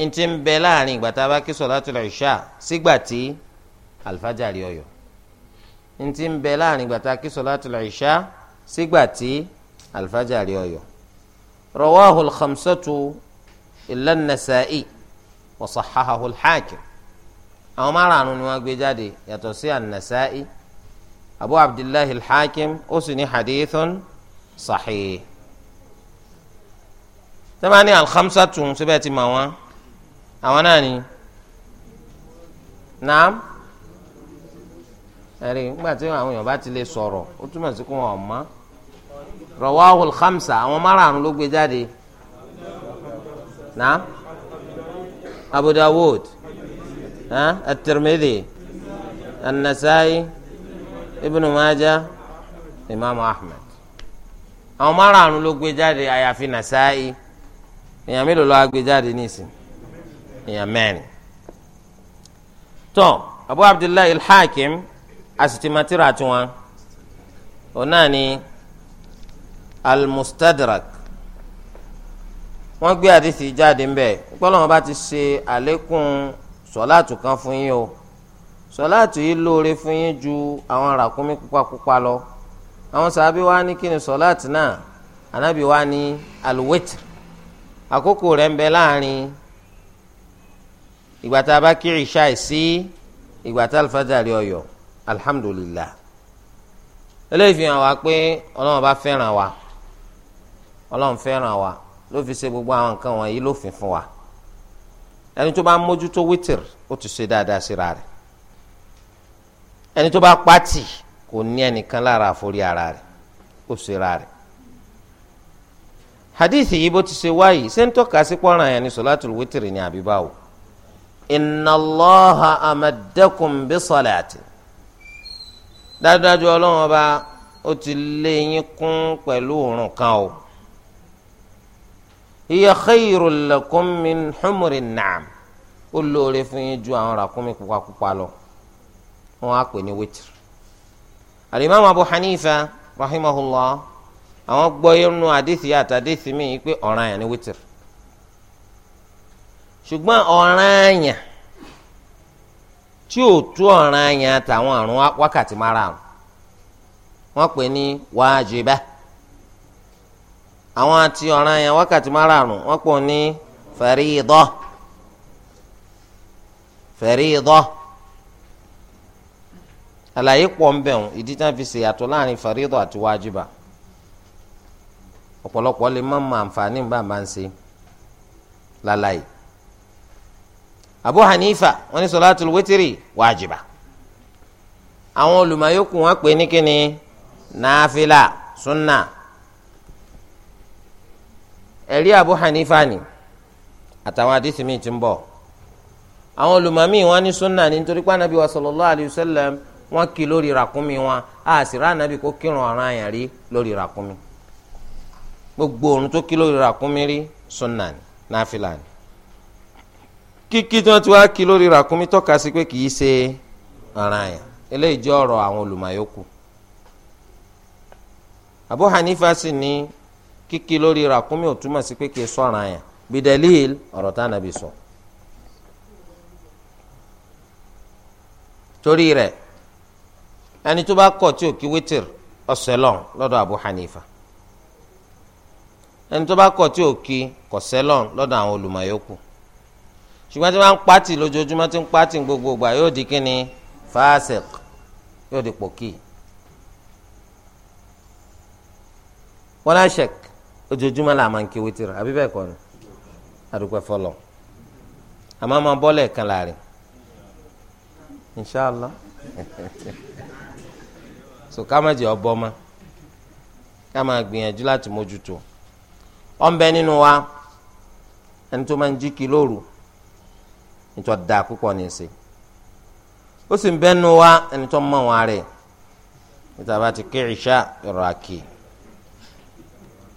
ntí ń bẹ láàrin ìgbà tá a bá alfajari ó yọ ntí ń bẹ láàrin ìgbà tá a alifájàrí ọyọ rawahu alhamsatu illa nasa'i wa sahahahu alhakim àwọn márààrún ni wọ́n gbé jáde yàtọ̀ sí anasa'i abu abdullahi alhakim ó sì ní hadithun sahih sábà ní alhamsatu síbẹ̀ ti mọ̀ wọ́n àwọn náà ni naam ẹ̀rí nígbà tí àwọn èèyàn bá ti lè sọ̀rọ̀ ó túmọ̀ sí kó wọn ọ̀ mọ́ rawahul khamsa àwọn márààrún ló gbé jáde na abu dawud at-tirmidhi an-nasai ibnu maja imaamu ahmed àwọn márààrún ló gbé jáde àyàfi nasai èèyàn mélòó ló gbé jáde nísìn èèyàn mẹ́rin tó abu abdullahi al-hakim tiwọn ọ Almustadrak, mustadrak wọ́n gbé àdìsí jáde ńbẹ̀ gbọ́dọ̀ bá ti ṣe àlékún sọ́láàtù kan fún yín o sọ́láàtù yìí lóore fún yín ju àwọn ràkúnmí pupapupa lọ àwọn sàbí wa ní kí ni sọ́láàtù náà ànábì wa ní alwitr àkókò rẹ̀ ń bẹ láàrin ìgbà tá a bá kí ìṣá sí ìgbà tá alifájàre ọyọ alhamdulillah eléyìí fi hàn wá pé ọlọ́run bá fẹ́ràn wa. Pe, ọlọ́run fẹ́ràn wa ló fi ṣe gbogbo àwọn nǹkan wọ̀nyí lófin fún wa ẹni tó bá mójútó wítìr ó ti ṣe dáadáa síra rẹ̀ ẹni tó bá pátì kò ní ẹnìkan lára àforí ara rẹ̀ ó ṣera rẹ̀ hadithi yìí bó ti ṣe wáyìí ṣé ń tọ́ka sí pọ́nrán yẹn ni sọ́látù wítìrì ni àbí báwo inna Allaha amadakum bí sọ́láàtì dájúdájú ọlọ́run ọba ó ti lé yín kún pẹ̀lú òórùn kan o hiya khayrun lakum min humri na'am ó lóore fún yín ju àwọn ràkúnmí pupapupa lọ wọn á pè ní wítìrì alimami abu hanifa rahimahullah àwọn gbọ́ yẹnu àdìsí àtàdìsí mi pé ọ̀ràn yẹn ni wítìrì ṣùgbọ́n ọ̀ràn yẹn tí ò tú ọ̀ràn yẹn àtàwọn àrùn wákàtí márùn-ún pè ní wájibah àwọn àti ọ̀ràn yẹn wákàtí márààrún wọ́n pọ̀ ní fẹ̀ríìdọ́ fẹ̀ríìdọ́ àlàyé pọ̀ ń bẹ̀rùn ìdí tí wọ́n fi ṣèyàtọ̀ láàrin fẹ̀ríìdọ́ àti wájibà ọ̀pọ̀lọpọ̀ lè má mọ àǹfààní bá a máa ń ṣe lálàyé Abu Hanifa wọ́n ní sọláàtúl wítìrì wájibà àwọn olùmọ̀ yòókù wọ́n pè é ní kíni náfìlà súnà ẹ̀rí Abu Hanifa ni àtàwọn àdìsí mi ti ń bọ̀ àwọn olùmọ̀mí wọn ní sunna ni nítorí pé anabi wa sallallahu alayhi wa sallam wọn kì lórí ràkúnmí wọn a sì rá anabi kó kírun ọ̀ràn àyàn rí lórí ràkúnmí gbogbo òrùn tó kí lórí ràkúnmí rí sunna ní náfìlà ní. kíkí tí wọ́n ti wá kí lórí ràkúnmí tọ́ka sí pé kì í ṣe ọ̀ràn àyàn eléyìí jẹ́ ọ̀rọ̀ àwọn olùmọ̀yókù Abu Hanifa sì ní. kíkí lórí ràkúnmí ò túmọ̀ sí pé kì í sọ̀ràn yẹn bidalil ọ̀rọ̀ tá nàbì sọ. torí rẹ ẹni tó bá kọ̀ tí ò kí wítìr Abu Hanifa ẹni tó bá kọ̀ tí ò kí kọ̀sẹ̀lọ̀n lọ́dọ̀ àwọn olùmọ̀yókù ṣùgbọ́n tí wọ́n ń pàtì lójoojúmọ́ tí ń pàtì gbogbo yóò di yóò di ojoojúmọ́ la máa ń ké wítìrì àbí bẹ́ẹ̀ kọ́ ni àdúpẹ́ fọlọ́ àmọ́ máa bọ́ lẹ́ẹ̀kan láàrin inshàlá so ká má jẹ́ ọbọ ma ká máa gbìyànjú láti mójútó ọ̀nbẹ nínú wa ẹni tó máa ń jí kí lóru nítorí dáa púpọ̀ ní í ó sì ń bẹ́ẹ̀ nínú wa ẹni tó mọ̀ wọn rẹ̀ níta bá ti kí ìṣá ìrọ̀ àkè.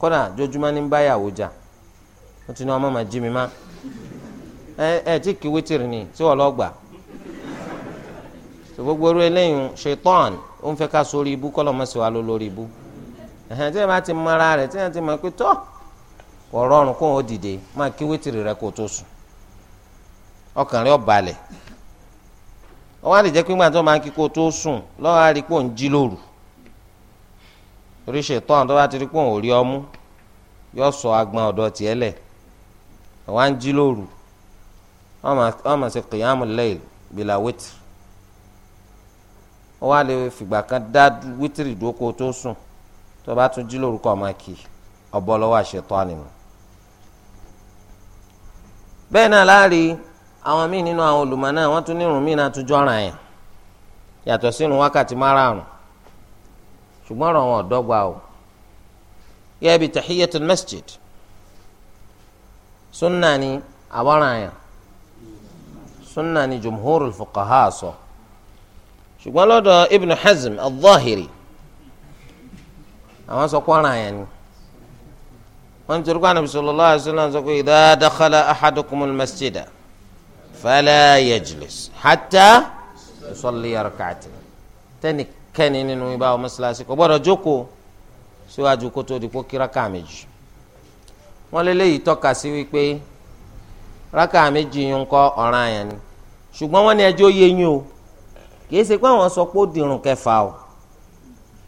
kódà jojúmọ́ ní báyàwó jà ó ti ní ọmọ màá jí mi ni tí wọ́n lọ gbogbo orú eléyìí ṣetán ó ń fẹ́ ká sórí ibú kọ́ lọ́mọ sí wa ló lórí ibú ẹ̀hẹ́n tí ẹ bá ti mọ ara rẹ̀ tí ẹ ti mọ pé tọ́ kò rọrùn kó o dìde máa kí wítìrì rẹ kó o tó sùn ọkàn rẹ lè jẹ́ pé gbàtọ́ máa kí kó o torí ṣètọ́n tó bá ti rí pòun ò rí ọmú yóò sọ agbọn ọ̀dọ̀ tiẹ̀ lẹ̀ wá ń jí lóru wọ́n máa ṣe kìyàmù lẹ́yìn bìlà wítìrì wọ́n wá lè fìgbà kan dá wítìrì dúró kó tó sùn tó bá tún jí lórúkọ ọmọ kì í ọbọ lọ́wọ́ àṣetọ́ nínú. bẹ́ẹ̀ náà láàrin àwọn míì nínú àwọn olùmọ̀ náà wọ́n tún ní irun míì náà tún jọ́ràn yẹn yàtọ̀ sí irun wákàtí márààrún ṣùgbọ́n ọ̀rọ̀ wọn ò dọ́gba o gẹ́gẹ́ bí tahiyatul masjid sunna ni àwọ̀ràn àyàn sunna ni jumhurul fuqaha sọ ṣùgbọ́n lọ́dọ̀ ibn hazm al-zahiri àwọn sọ kọ́ran àyàn ni wọ́n ti rúkọ́ anabi sallallahu alaihi wasallam sọ pé idha dakhala ahadukumul masjida fala yajlis hatta yusalli rak'atayn tẹ́nìkan kẹ́ni nínú ibà ọmọ síláṣí kò gbọ́dọ̀ jókòó síwájú kó tó di kó kí rákà méjì wọ́n léléyìí tọ́ka sí wípé rákà méjì yín kọ́ ọ̀ràn àyàn ni ṣùgbọ́n wọ́n ní ẹjọ́ yé yín o kì í ṣe pé àwọn sọ pé ó dìrùn kẹfà o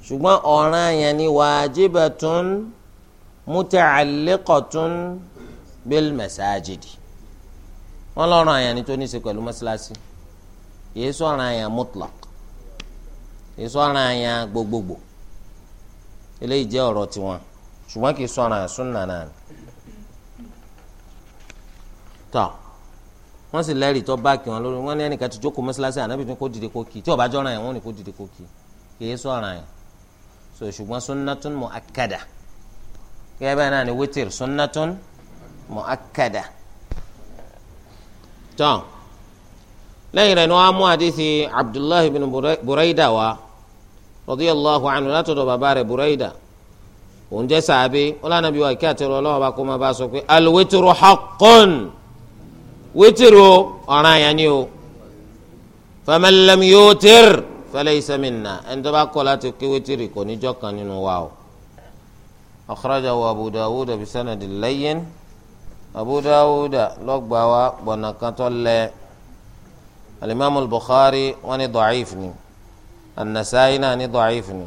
ṣùgbọ́n ọ̀ràn àyàn ni wajibatun muta'alliqatun bil masajidi wọ́n lọ́rùn àyàn ni tó ní í ṣe pẹ̀lú mọ́ṣáláṣí kì í àyàn mutlaq ìsọ̀ràn àyàn gbogbogbò eléyìí jẹ́ ọ̀rọ̀ tiwọn ṣùgbọ́n kì í sọ̀ràn àsúnà náà ni. tọ́ wọ́n sì lẹ́rìí tó bá kí wọn lórí wọ́n ní ẹnìkan ti jókòó mọ́ṣáláṣí ànábì tó kó dìde kó kì í tí ó jọ́ràn yẹn wọ́n ní kó dìde kó kì í kì í sọ̀ràn yẹn so ṣùgbọ́n sunnatun mu'akkada gẹ́gẹ́ bẹ́ẹ̀ náà ni wítìrì sunnatun mu'akkada tọ́ lẹ́yìn rẹ̀ ni wọ́n á mú àdìsí Abdullahi bin Burayda wa radiyallahu anhu látọ̀dọ̀ bàbá rẹ̀ Burayda òun jẹ́ sàábé ọlànàbí wa kí àtẹrù ọlọ́wọ́ bá kó máa bá sọ pé alwitru haqqun wítìrì o ọ̀ràn àyàn ni o faman lam yutir falaysa minna ẹni tó bá kọ̀ láti kí wítìrì kò ní jọ́ kan nínú wa o. akhrajahu Abu Dawud bi sanadin layyin Abu Dawud lọ́gbàá wa gbọ̀nà kan tó alimami Bukhari wọ́n ní ni. An-Nasa'i ni ní ni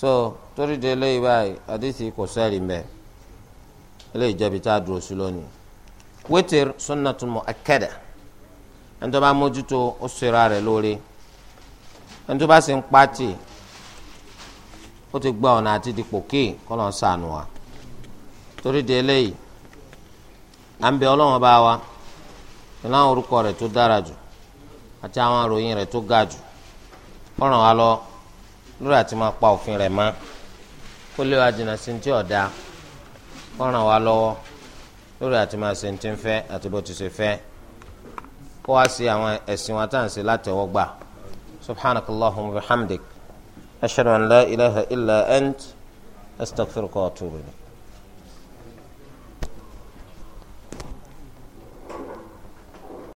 so torí de eléyìí báyìí àdìsí kò sẹ́rì mbẹ́ eléyìí jẹ́bi tá a dúró sí lónìí wítìrì sunnatun mu'akkada ẹni tó bá mójútó ó sera rẹ̀ lórí ẹni tó bá sì ń pàtì ó ti gba ọ̀nà àti dìpọ̀ kí kọ́nà sànù wa torí de eléyìí à ń bẹ ọlọ́wọ́n bá wa ìlànà orúkọ rẹ̀ tó dára jù àti àwọn àròyìn rẹ̀ tó ga jù ọ̀ràn wa lọ lórí àti máa pa òfin rẹ̀ mọ́ kó lè wa jìnnà sí ti ọ̀dà ọ̀ràn wa lọ́wọ́ lórí àti máa ṣe ti ń fẹ́ àti bó ti ṣe fẹ́ kó wá sí àwọn ẹ̀sìn wa tá à ń ṣe látẹ̀wọ́gbà subhanakallahumma wa bihamdik ashhadu an la ilaha illa ant astaghfiruka wa atubu